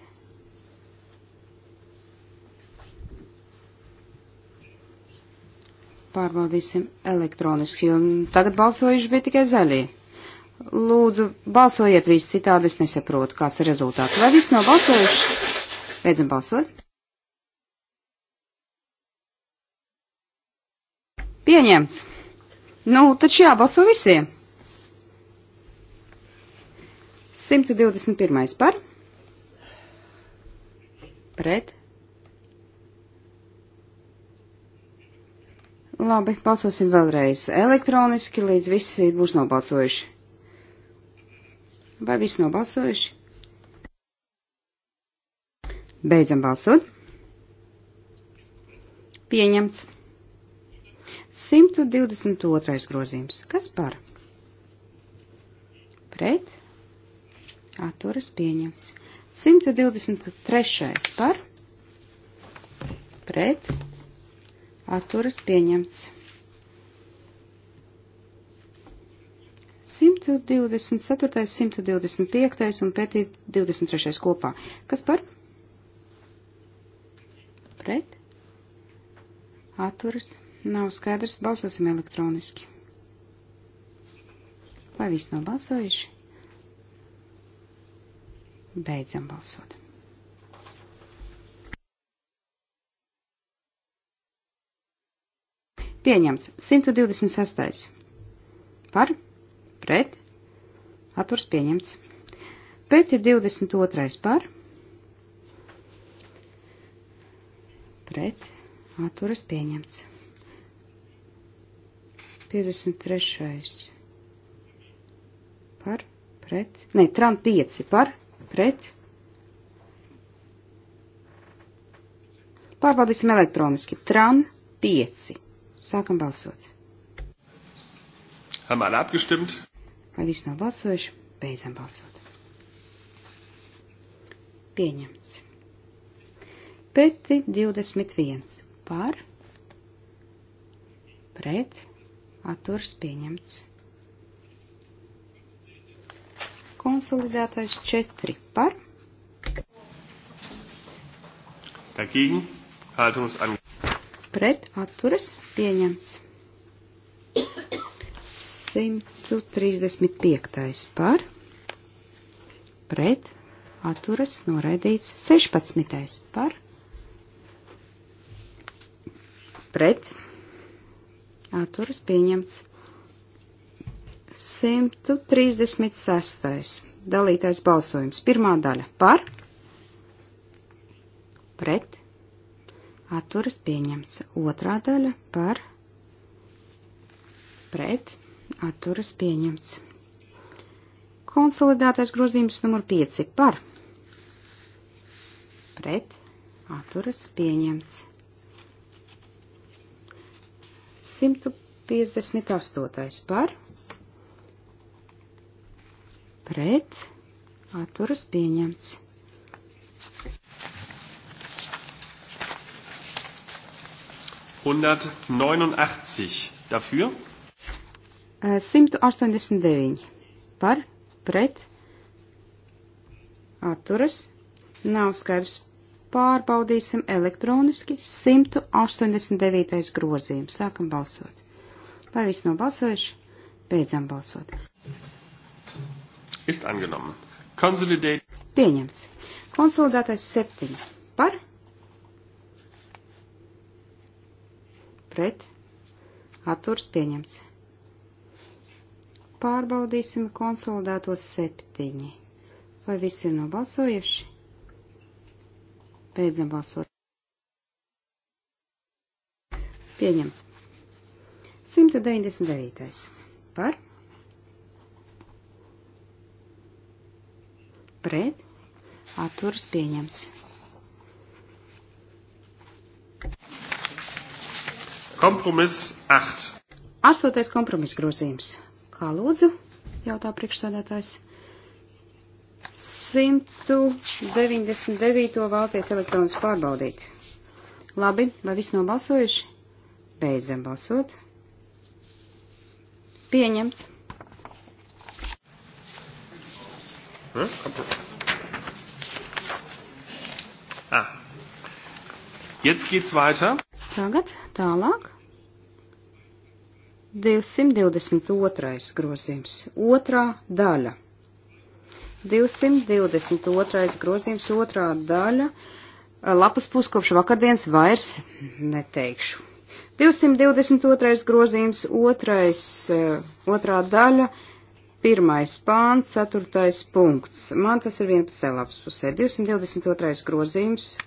pārbaudīsim elektroniski, un tagad balsojuši bija tikai zaļie. Lūdzu, balsojiet visi citādi, es nesaprotu, kāds ir rezultāts. Vai visi nav balsojuši? Beidzam balsot. pieņemts. Nu, taču jābalso visiem. 121. par. Pret. Labi, balsosim vēlreiz elektroniski, līdz visi būs nobalsojuši. Vai visi nobalsojuši? Beidzam balsot. Pieņemts. 122. grozījums. Kas par? Pret. Atturas pieņemts. 123. par. Pret. Atturas pieņemts. 124, 125 un pētī 23 kopā. Kas par? Pret. Atturas pieņemts Nav skaidrs, balsosim elektroniski. Vai viss nav balsojuši? Beidzam balsot. Pieņemts 126. Par, pret, atturs pieņemts. Pēc ir 22. par, pret, atturs pieņemts. 53. Par, pret, ne, tram 5 par, pret. Pārbaudīsim elektroniski. Tram 5. Sākam balsot. Haben alle abgestimmt? Vai viss nav balsojuši? Beidzam balsot. Pieņemts. Peti 21. Par. Pret atturs pieņemts. Konsolidētais 4 par. Dagegen, haltums an. Pret atturas pieņemts. 135. par. Pret atturas noraidīts 16. par. Pret atturas pieņemts. 136. dalītais balsojums. Pirmā daļa par, pret, atturas pieņemts. Otrā daļa par, pret, atturas pieņemts. Konsolidētais grozījums numur 5 par, pret, atturas pieņemts. 158. par pret atturas pieņemts. Dafür? 189 äh, par pret atturas nav skaidrs pārbaudīsim elektroniski 189. grozījumu. Sākam balsot. Vai viss nav balsojuši? Beidzam balsot. Ist angenommen. Konsolidēt. Pieņemts. Konsolidētais 7. Par? Pret? Atturs pieņemts. Pārbaudīsim konsolidētos septiņi. Vai visi ir nobalsojuši? Beidzam balsot. Pieņemts. 199. Par. Pret. Atturas pieņemts. Kompromiss 8. Astotais kompromiss grozījums. Kā lūdzu? Jautā priekšsēdētājs. 199. vēlties elektroniski pārbaudīt. Labi, vai viss nobalsojuši? Beidzam balsot. Pieņemts. Hm? Ah. Jetzt geht's weiter. Tagad tālāk. 222. grozījums. Otrā daļa. 222. grozījums otrā daļa. Lapas puskopš vakardienas vairs neteikšu. 222. grozījums otrais, eh, otrā daļa. Pirmais pāns, ceturtais punkts. Man tas ir 11. lapas pusē. 222. grozījums.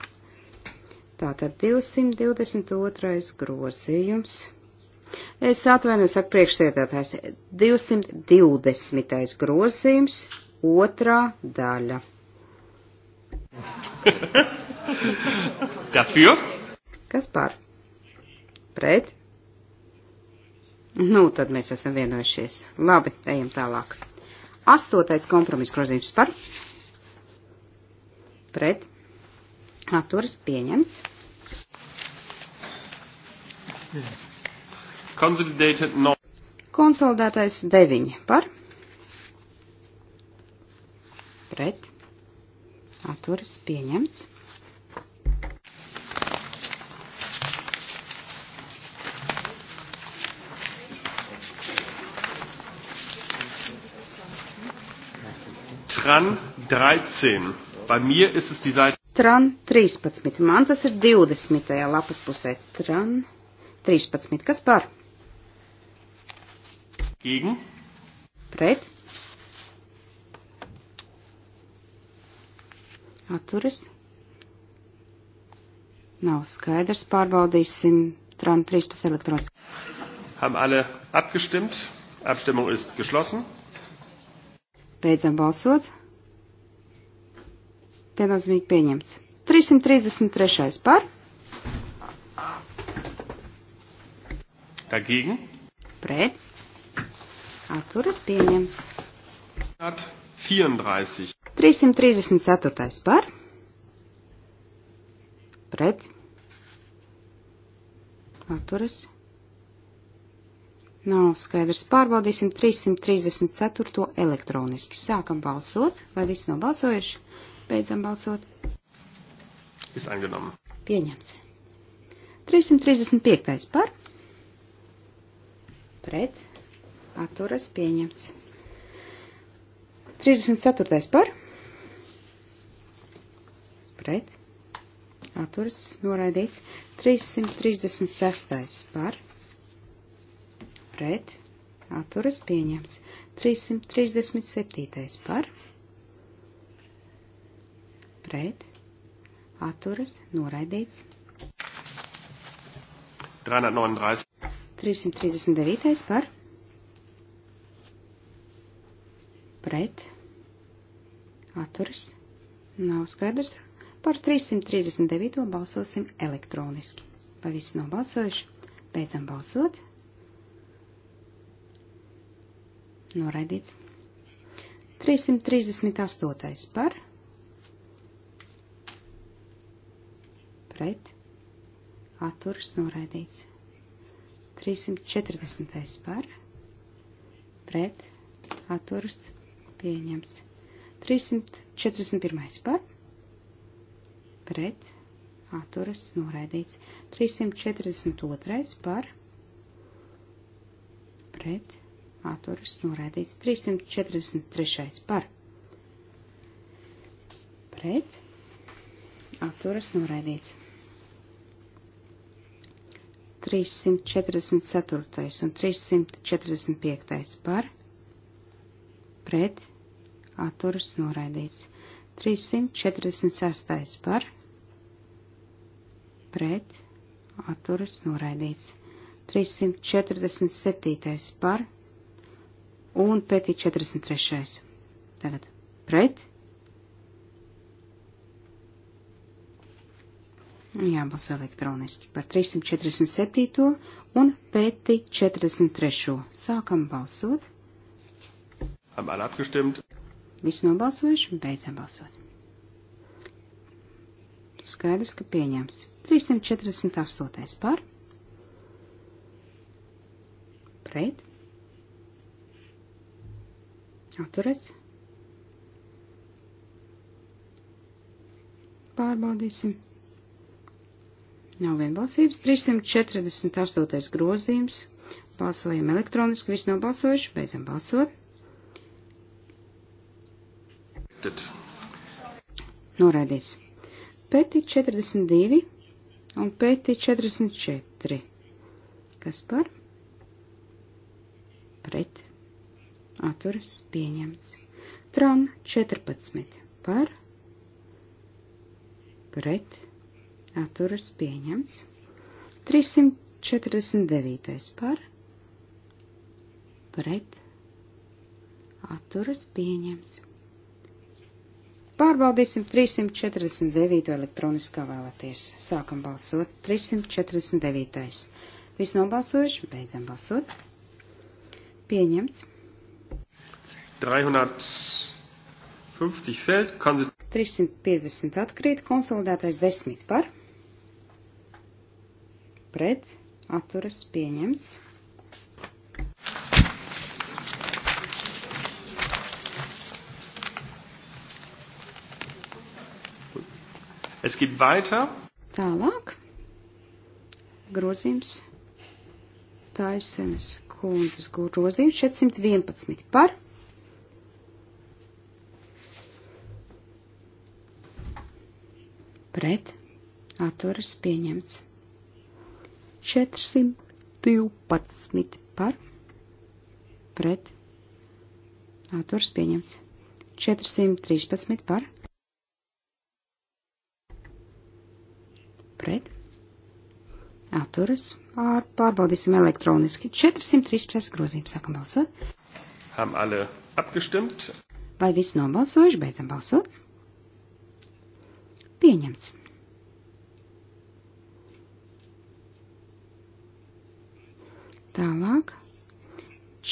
Tātad 222. grozījums. Es atvainojos, saka priekšstādātājs, 220. grozījums otrā daļa. Dafür? Kas par? Pret? Nu, tad mēs esam vienojušies. Labi, ejam tālāk. Astotais kompromiss grozījums par? Pret? Atturas pieņemts. Konsolidētais 9 par? pret, atturas pieņemts. Tran 13. Bei mir ist es die Seite. Tran 13. Man tas ir 20. lapas pusē. Tran 13. Kas par? Gegen. Pret. atturas. Nav skaidrs, pārbaudīsim Tran 13 elektrons. Haben alle abgestimmt? Abstimmung ist geschlossen. Beidzam balsot. Viennozīmīgi pieņemts. 333. par. Dagegen. Pret. Atturas pieņemts. 134. 334. par pret atturas. Nav skaidrs. Pārbaudīsim 334. elektroniski. Sākam balsot. Vai viss nav balsojuši? Beidzam balsot. Es angenommen. Pieņemts. 335. par. Pret. Atturas pieņemts. 34. par pret, atturas noraidīts 336. par, pret, atturas pieņemts 337. par, pret, atturas noraidīts 339. 339. par, pret, atturas nav skaidrs Par 339. balsosim elektroniski. Vai visi nobalsojuši? Beidzam balsot. Noraidīts. 338. par. Pret. Atturs noraidīts. 340. par. Pret. Atturs pieņemts. 341. par pret atturas noraidīts. 342 par pret atturas noraidīts. 343 par pret atturas noraidīts. 344. un 345. par pret atturas noraidīts. 346. par pret atturas noraidīts. 347. par un pētī 43. Tagad pret. Jābalso elektroniski par 347. un pētī 43. Sākam balsot. Haben alle abgestimmt? Visi nobalsojuši, beidzam balsot. Skaidrs, ka pieņems. 348. par. Pret. Atturēts. Pārbaudīsim. Nav vienbalsības. 348. grozījums. Balsojam elektroniski, visi nav balsojuši, beidzam balsot rejected. Noraidīts. Pēti 42 un pēti 44. Kas par? Pret. Atturas pieņemts. Tran 14. Par? Pret. Atturas pieņemts. 349. Par? Pret. Atturas pieņemts. Pārbaudīsim 349 elektroniskā vēlaties. Sākam balsot 349. Viss nobalsojuši, beidzam balsot. Pieņemts. 350 feld, kann... 350 atkrīt, konsolidētais 10 par. Pret, atturas, pieņemts. Es geht weiter. Tālāk. Grozījums. Taisenes kundzes grozījums 411 par. Pret. Atturas pieņemts. 412 par. Pret. Atturas pieņemts. 413 par pret, atturas, pār, pārbaudīsim elektroniski. 413 grozījums, sākam balsot. Haben alle abgestimmt? Vai visi nobalsojuši, beidzam balsot? Pieņemts. Tālāk.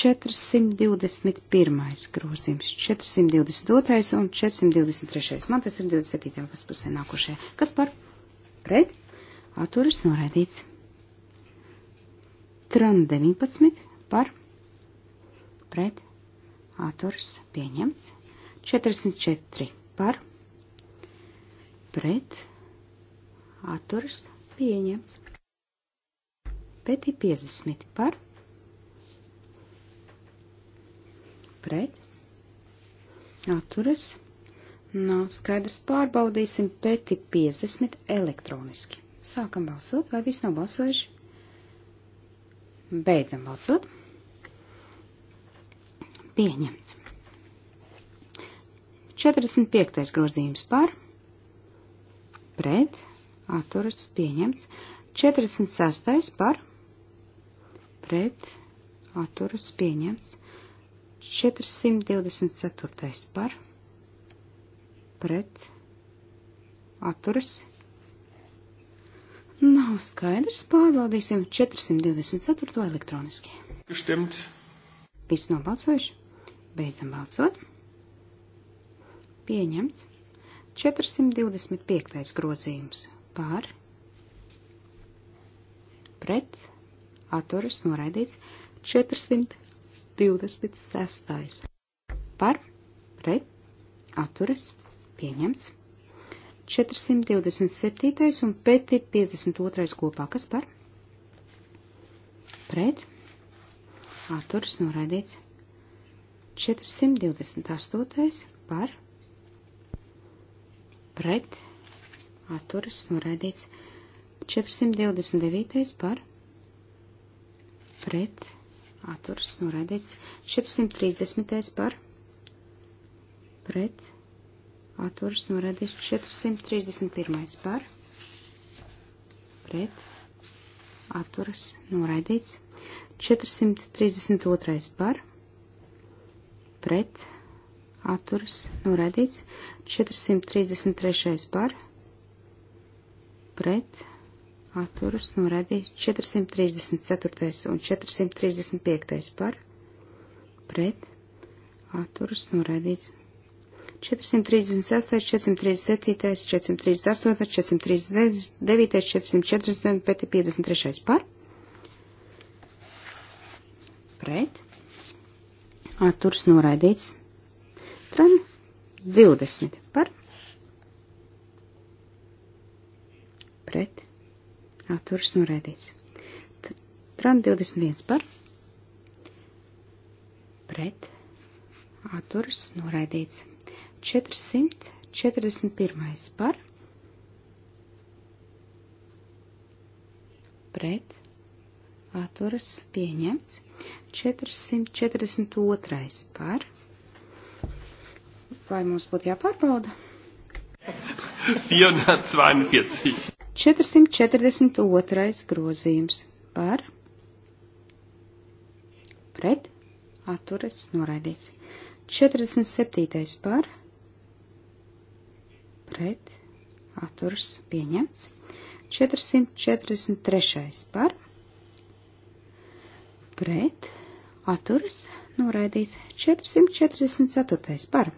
421. grozījums, 422. un 423. Man tas ir 27. lapas pusē nākošajā. Kas par? pret, atturas noraidīts. Tran 19 par, pret, atturas pieņemts. 44 par, pret, atturas pieņemts. Peti 50 par, pret, atturas pieņemts Nav skaidrs, pārbaudīsim peti 50 elektroniski. Sākam balsot, vai viss nav balsojuši? Beidzam balsot. Pieņemts. 45. grozījums par, pret, atturas, pieņemts. 46. par, pret, atturas, pieņemts. 424. par, pret pret atturas. Nav skaidrs, pārbaudīsim 424. elektroniski. Gestimt. Viss nav balsojuši. Beidzam balsot. Pieņemts. 425. grozījums pār pret atturas noraidīts 426. par pret atturas pieņemts. 427. un peti 52. kopā, kas par? Pret. Atturis noraidīts. 428. par. Pret. Atturis noraidīts. 429. par. Pret. Atturis noraidīts. 430. par. Pret atturas norādīts 431. par pret atturas norādīts 432. par pret atturas norādīts 433. par pret atturas norādīts 434. un 435. par pret atturas norādīts 436, 437, 438, 439, 440, 53 par. Pret. Atturs noraidīts. Tran 20 par. Pret. Atturs noraidīts. Tran 21 par. Pret. Atturs noraidīts. 441. par pret atturas pieņemts 442. par vai mums būtu jāpārbauda? 442. 442. grozījums par pret atturas noraidīts. 47. par pret atturs pieņemts. 443. par pret atturs noraidīts. 444. par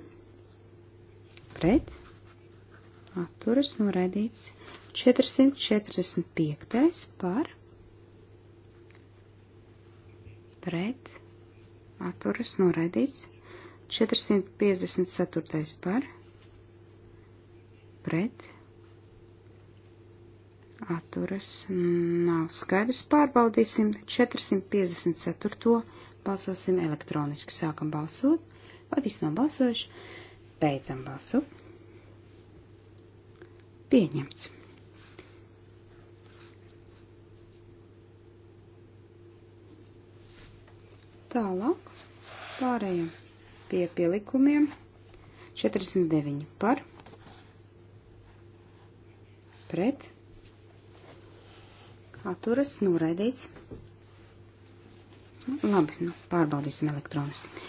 pret atturs noraidīts. 445. par pret atturs noraidīts. 454. par pret pret, atturas, nav skaidrs, pārbaudīsim 454. balsosim elektroniski, sākam balsot, vai viss nav balsojuši, beidzam balsot. Pieņemts. Tālāk pārējiem pie pielikumiem 49 par pret, atturas noraidīts. Labi, nu, pārbaudīsim elektroniski.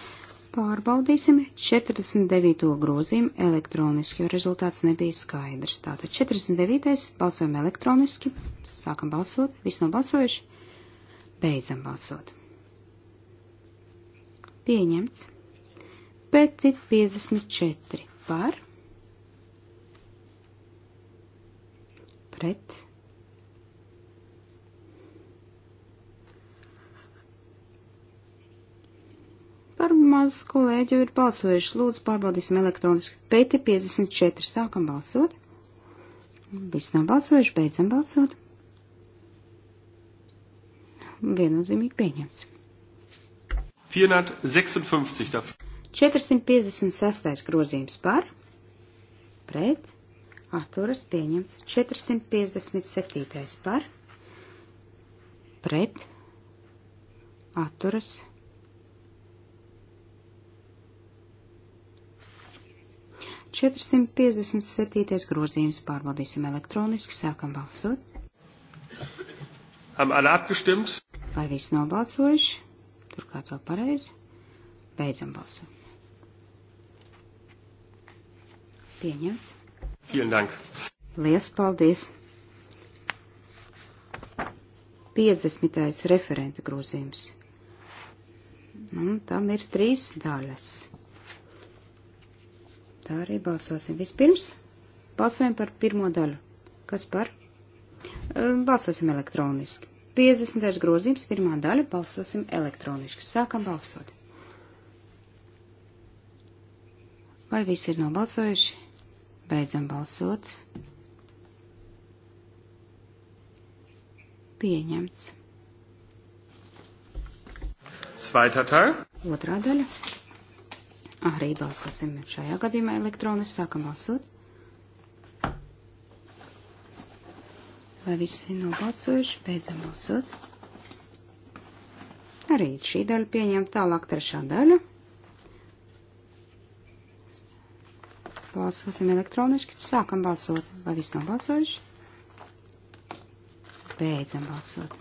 Pārbaudīsim 49. grozījumu elektroniski, jo rezultāts nebija skaidrs. Tātad 49. balsojam elektroniski, sākam balsot, visi nobalsojuši, beidzam balsot. Pieņemts. Pēc 54 par pret. Par maz kolēģi ir balsojuši. Lūdzu, pārbaudīsim elektroniski. Pēti 54. Sākam balsot. Viss nav balsojuši, beidzam balsot. Viennozīmīgi pieņemts. 456. 456. grozījums par, pret, atturas pieņemts 457. par pret atturas Četrsimt piecdesmit septītais grozījums pārbaudīsim elektroniski, sākam balsot. Vai viss nobalsojuši? Turklāt vēl pareizi. Beidzam balsot. Pieņemts. Lielas paldies! 50. referenta grozījums. Un nu, tam ir trīs daļas. Tā arī balsosim. Vispirms balsojam par pirmo daļu. Kas par? Balsosim elektroniski. 50. grozījums, pirmā daļa, balsosim elektroniski. Sākam balsot. Vai visi ir nobalsojuši? Beidzam balsot. Pieņemts. Zweiter Teil. Otrā daļa. Arī balsosim šajā gadījumā elektroniski. Sākam balsot. Vai visi nobalsojuši? Beidzam balsot. Arī šī daļa pieņem tālāk trešā daļa. Balsosim elektroniski. Sākam balsot. Vai viss nav balsojuši? Beidzam balsot.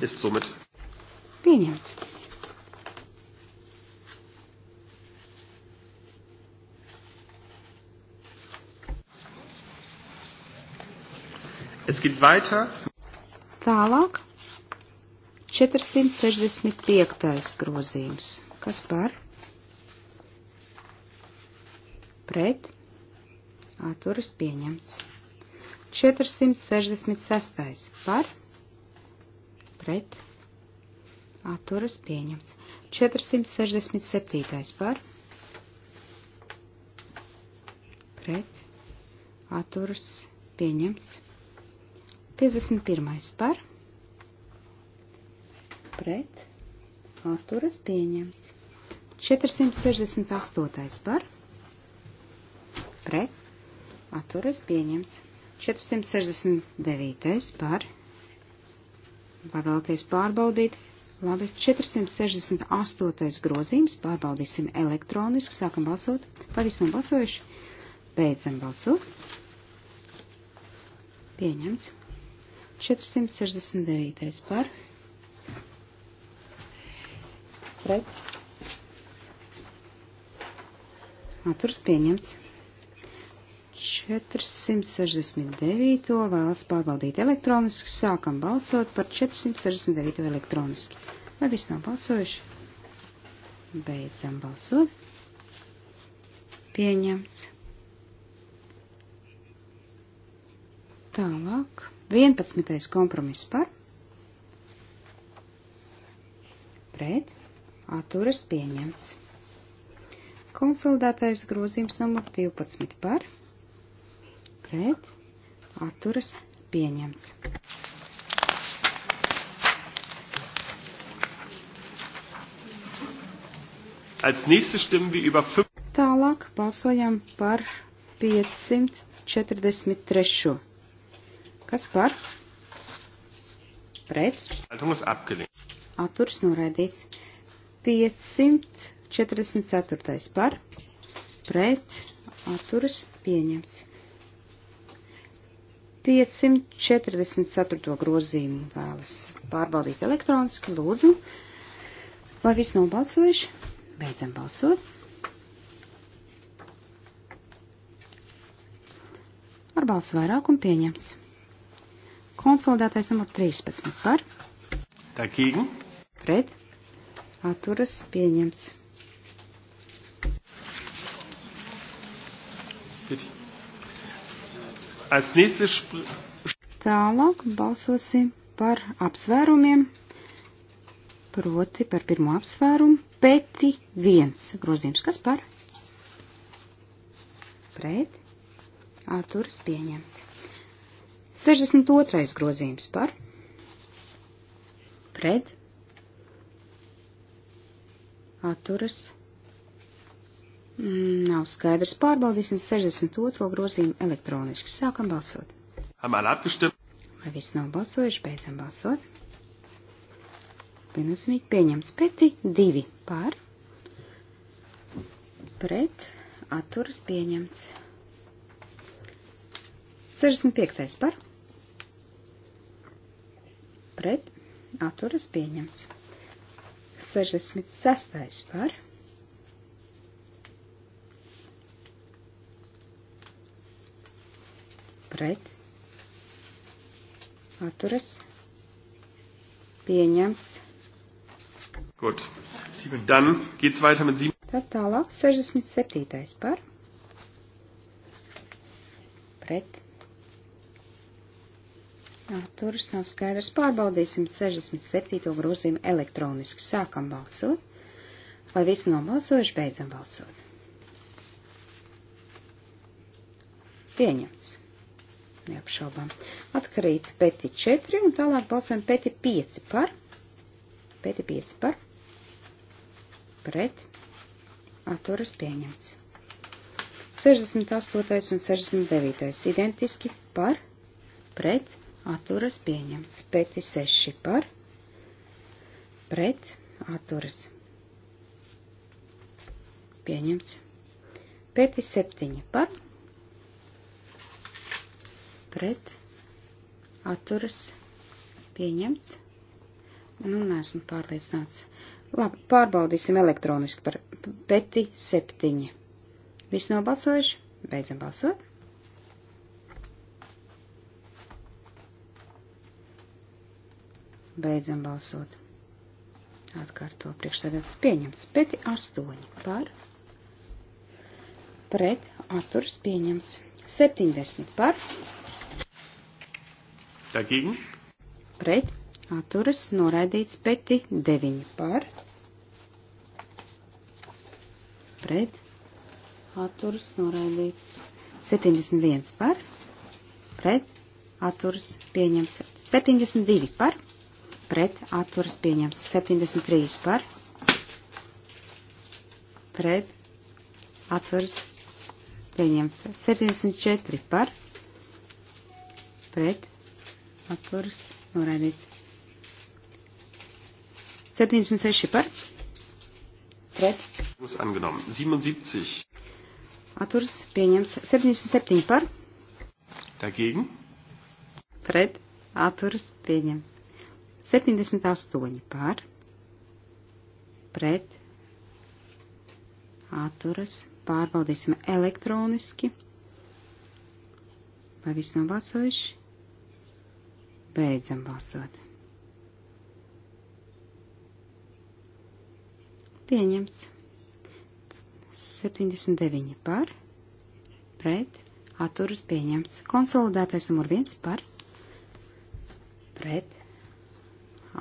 Ist somit. Pieņemts. Es geht weiter. Tālāk. 465. grozījums. Kas par? pret, atturas pieņemts. 466 par, pret, atturas pieņemts. 467 par, pret, atturas pieņemts. 51 par, pret, atturas pieņemts. 468 par, pret, atturas pieņemts. 469. par. Vai vēlaties pārbaudīt? Labi, 468. grozījums pārbaudīsim elektroniski, sākam balsot. Vai visi nobalsojuši? Beidzam balsot. Pieņemts. 469. par. Pret. Atturs pieņemts. 469. vēlas pārbaudīt elektroniski. Sākam balsot par 469. elektroniski. Vai viss nav balsojuši? Beidzam balsot. Pieņemts. Tālāk. 11. kompromiss par. Pret. Atturas pieņemts. Konsolidētais grozījums numur 12 par pret, atturas pieņemts. Als nächstes stimmen wir über 5. Tālāk balsojam par 543. Kas par? Pret. Atturs noraidīts. 544. par. Pret. Atturs pieņemts. 544. grozījumu vēlas pārbaudīt elektroniski. Lūdzu, vai viss nav balsojuši? Beidzam balsot. Ar balsu vairākumu pieņemts. Konsolidētais numur 13 par. Takīgi. Pret. Atturas pieņemts. Als nächstes Tālāk balsosim par apsvērumiem, proti par pirmo apsvērumu, peti viens grozījums. Kas par? Pret. Atturas pieņemts. 62. grozījums par. Pret. Atturas pieņemts Mm, nav skaidrs. Pārbaudīsim 62. grozījumu elektroniski. Sākam balsot. Vai viss nav balsojuši? Beidzam balsot. Vienasmīgi pieņemts peti divi pār. Pret atturas pieņemts. 65. par. Pret atturas pieņemts. 66. par pret, atturas, pieņemts. Gut. Dann geht's weiter mit 7. Tad tālāk 67. par. Pret. Atturas nav skaidrs. Pārbaudīsim 67. grozījumu elektroniski. Sākam balsot. Vai visi nobalsojuši? Beidzam balsot. Pieņemts neapšaubām. Atkarīt peti 4 un tālāk balsojam peti 5 par. Peti 5 par. Pret. Atturas pieņemts. 68. un 69. identiski par. Pret. Atturas pieņemts. Peti 6 par. Pret. Atturas. Pieņemts. Peti 7 par pret atturas pieņemts. Nu, neesmu pārliecināts. Labi, pārbaudīsim elektroniski par peti septiņi. Visi nobalsojuši? Beidzam balsot. Beidzam balsot. Atkārto priekšsēdētājs pieņems. Peti astoņi par. Pret atturs pieņems. 70 par. Dagegen? Pret. Atturas noraidīts peti 9 par. Pret. Atturas noraidīts 71 par. Pret. Atturas pieņemts 72 par. Pret. Atturas pieņemts 73 par. Pret. Atturas pieņemts 74 par. Pret atturas noraidīts. 76 par. Pret. Būs angenommen. 77. Atturs pieņems 77 par. Dagegen. Pret. Atturs pieņem. 78 par. Pret. Atturas. Pārbaudīsim elektroniski. Vai viss nav balsojuši? Beidzam balsot. Pieņemts. 79 par, pret, atturas pieņemts. Konsolidētais numur 1 par, pret,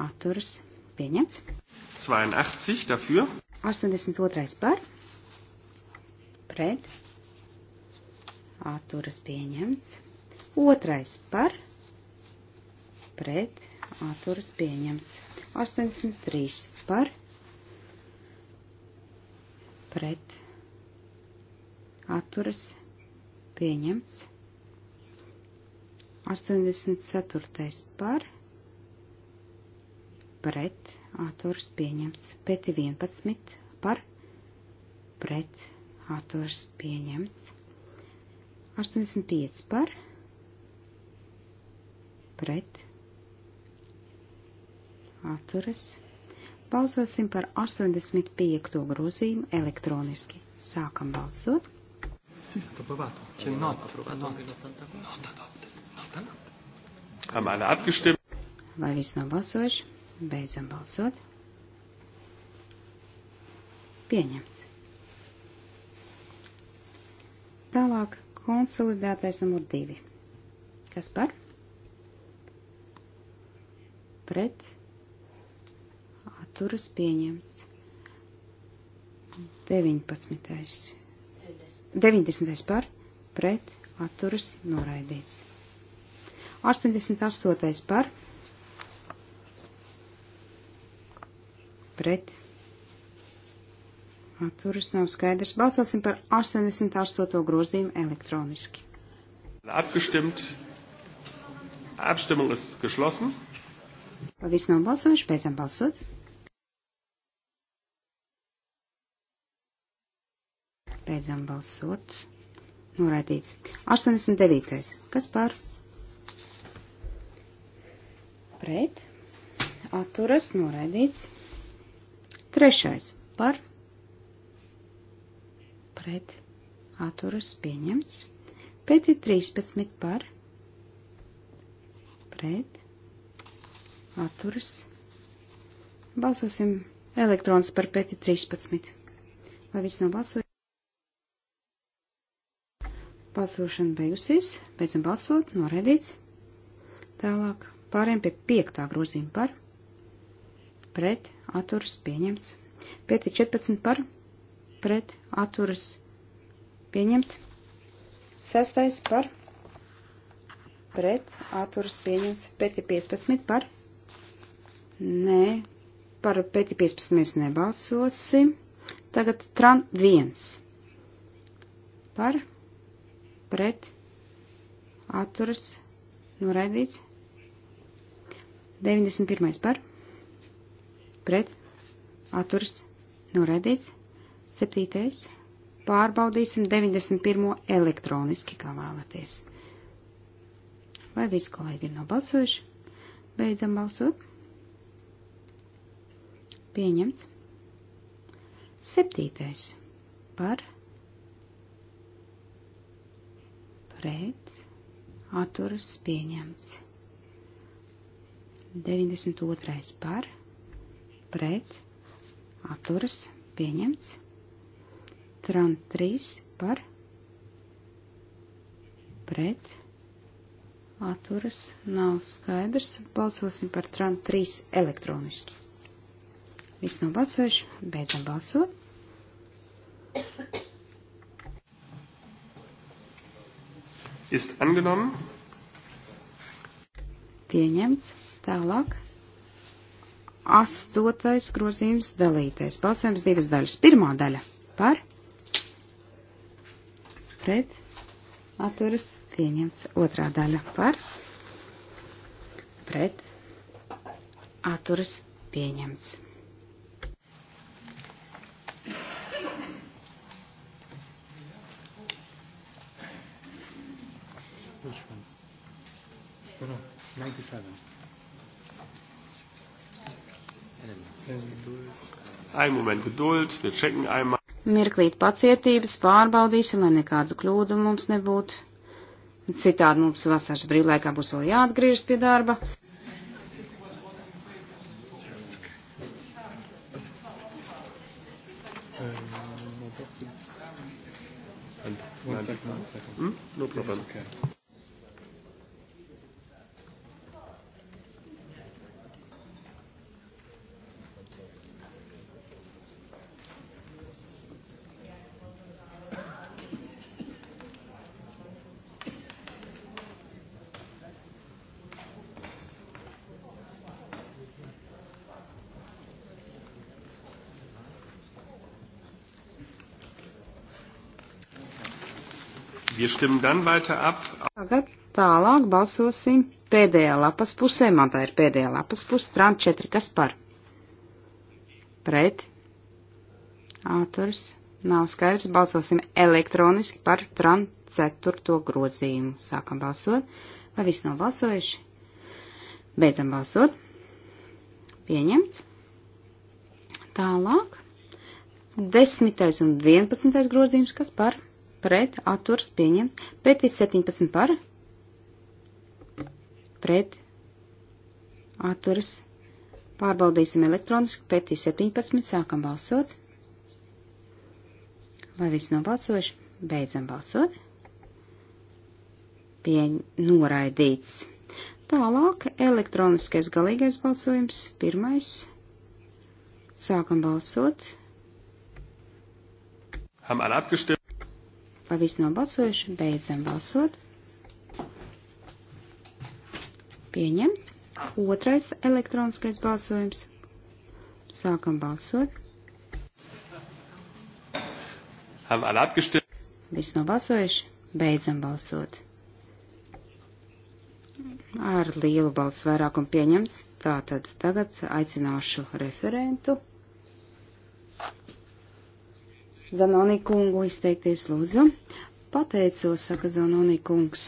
atturas pieņemts. 82 dafür. 82 par, pret, atturas pieņemts. Otrais par, pret pret atturas pieņemts. 83 par pret atturas pieņemts. 84 par pret atturas pieņemts. Pēti 11 par pret atturas pieņemts. 85 par pret atturas. Balsosim par 85. grozījumu elektroniski. Sākam balsot. Sì, è stato approvato. Cioè, no, approvato. No, Haben alle abgestimmt? Vai viss nav balsojuši? Beidzam balsot. Pieņemts. Tālāk konsolidētais numur divi. Kas par? Pret atturas pieņemts. 19. 90. par pret atturas noraidīts. 88. par pret atturas nav skaidrs. Balsosim par 88. grozījumu elektroniski. Abgestimt. Abstimmung ist geschlossen. Vai viss nav balsojuši? Beidzam balsot. Beidzam balsot. Noraidīts. 89. Kas par? Pret. Atturas. Noraidīts. Trešais. Par. Pret. Atturas. Pieņemts. Pēti 13 par. Pret. Atturas. Balsosim elektrons par pēti 13. Vai viss nav balsojis? Balsošana beigusies, beidzam balsot, noredīts. Tālāk pāriem pie piektā grozījuma par, pret, atturas, pieņemts. 5.14 par, pret, atturas, pieņemts. 6. par, pret, atturas, pieņemts. 5.15 par, nē, par 5.15 mēs nebalsosim. Tagad tran 1 par, pret pret, atturas, noraidīts. 91. par, pret, atturas, noraidīts. 7. pārbaudīsim 91. elektroniski, kā vēlaties. Vai visi kolēģi ir nobalsojuši? Beidzam balsot. Pieņemts. Septītais par pret atturas pieņemts. 92. par pret atturas pieņemts. Tran 3 par pret atturas nav skaidrs. Balsosim par Tran 3 elektroniski. Viss nobalsojuši, beidzam balsot. ist angenommen. Pieņemts. Tālāk. Astotais grozījums dalītais. Balsojums divas daļas. Pirmā daļa par pret atturas pieņemts. Otrā daļa par pret atturas pieņemts. einen Moment Geduld, wir checken einmal. Mirklīt pacietības, pārbaudīsim, lai nekādu kļūdu mums nebūtu. Citādi mums vasaras brīvlaikā būs vēl jāatgriežas pie darba. Tagad tālāk balsosim pēdējā lapas pusē. Man tā ir pēdējā lapas puse. Trant 4. Kas par? Pret. Āturs. Nav skaidrs. Balsosim elektroniski par Trant 4. grozījumu. Sākam balsot. Vai viss nav balsojuši? Beidzam balsot. Pieņemts. Tālāk. Desmitais un vienpadsmitais grozījums, kas par pret atturs pieņemts. Pētīs 17 par pret atturs. Pārbaudīsim elektroniski. Pētīs 17. Sākam balsot. Vai viss nobalsojuši? Beidzam balsot. Pieņ noraidīts. Tālāk elektroniskais galīgais balsojums. Pirmais. Sākam balsot. Haben alle abgestimmt? Vai visi nobalsojuši? Beidzam balsot. Pieņemts. Otrais elektroniskais balsojums. Sākam balsot. Visi nobalsojuši? Beidzam balsot. Ar lielu balsu vairākumu pieņems. Tātad tagad aicināšu referentu Zanonī kungu izteikties lūdzu. Pateicos, saka Zanonī kungs.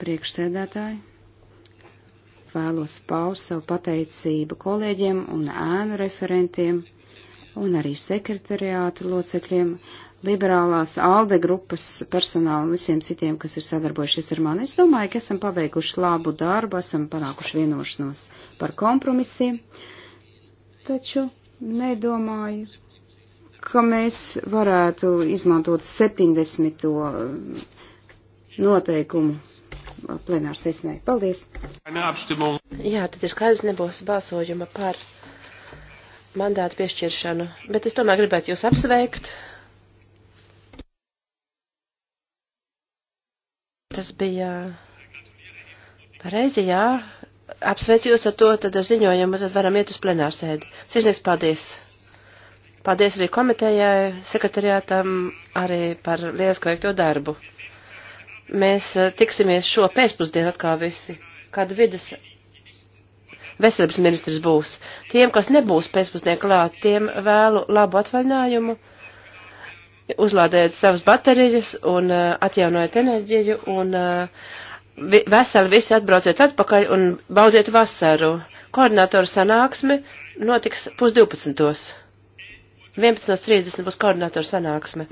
Priekšsēdētāji, vēlos paust savu pateicību kolēģiem un ēnu referentiem un arī sekretariātu locekļiem, liberālās ALDE grupas personālu un visiem citiem, kas ir sadarbojušies ar mani. Es domāju, ka esam paveikuši labu darbu, esam panākuši vienošanos par kompromisiem, taču nedomāju, ka mēs varētu izmantot 70. Um, noteikumu plenāru sesnē. Paldies! Jā, tad ir skaidrs, nebūs balsojuma par mandātu piešķiršanu, bet es tomēr gribētu jūs apsveikt. Tas bija pareizi, jā. Apsveicu jūs ar to, tad ar ziņojumu tad varam iet uz plenārsēdi. Sirsnieks, paldies! Paldies arī komitejai, sekretariātam, arī par lielisko veikto darbu. Mēs eh, tiksimies šo pēcpusdienu atkal visi, kad vidas veselības ministrs būs. Tiem, kas nebūs pēcpusdienu klāt, tiem vēlu labu atvaļinājumu, uzlādējiet savas baterijas un eh, atjaunojiet enerģiju un eh, vi veseli visi atbrauciet atpakaļ un baudiet vasaru. Koordinatoru sanāksme notiks pusdivpadsmitos. 11.30 būs koordinātora sanāksme.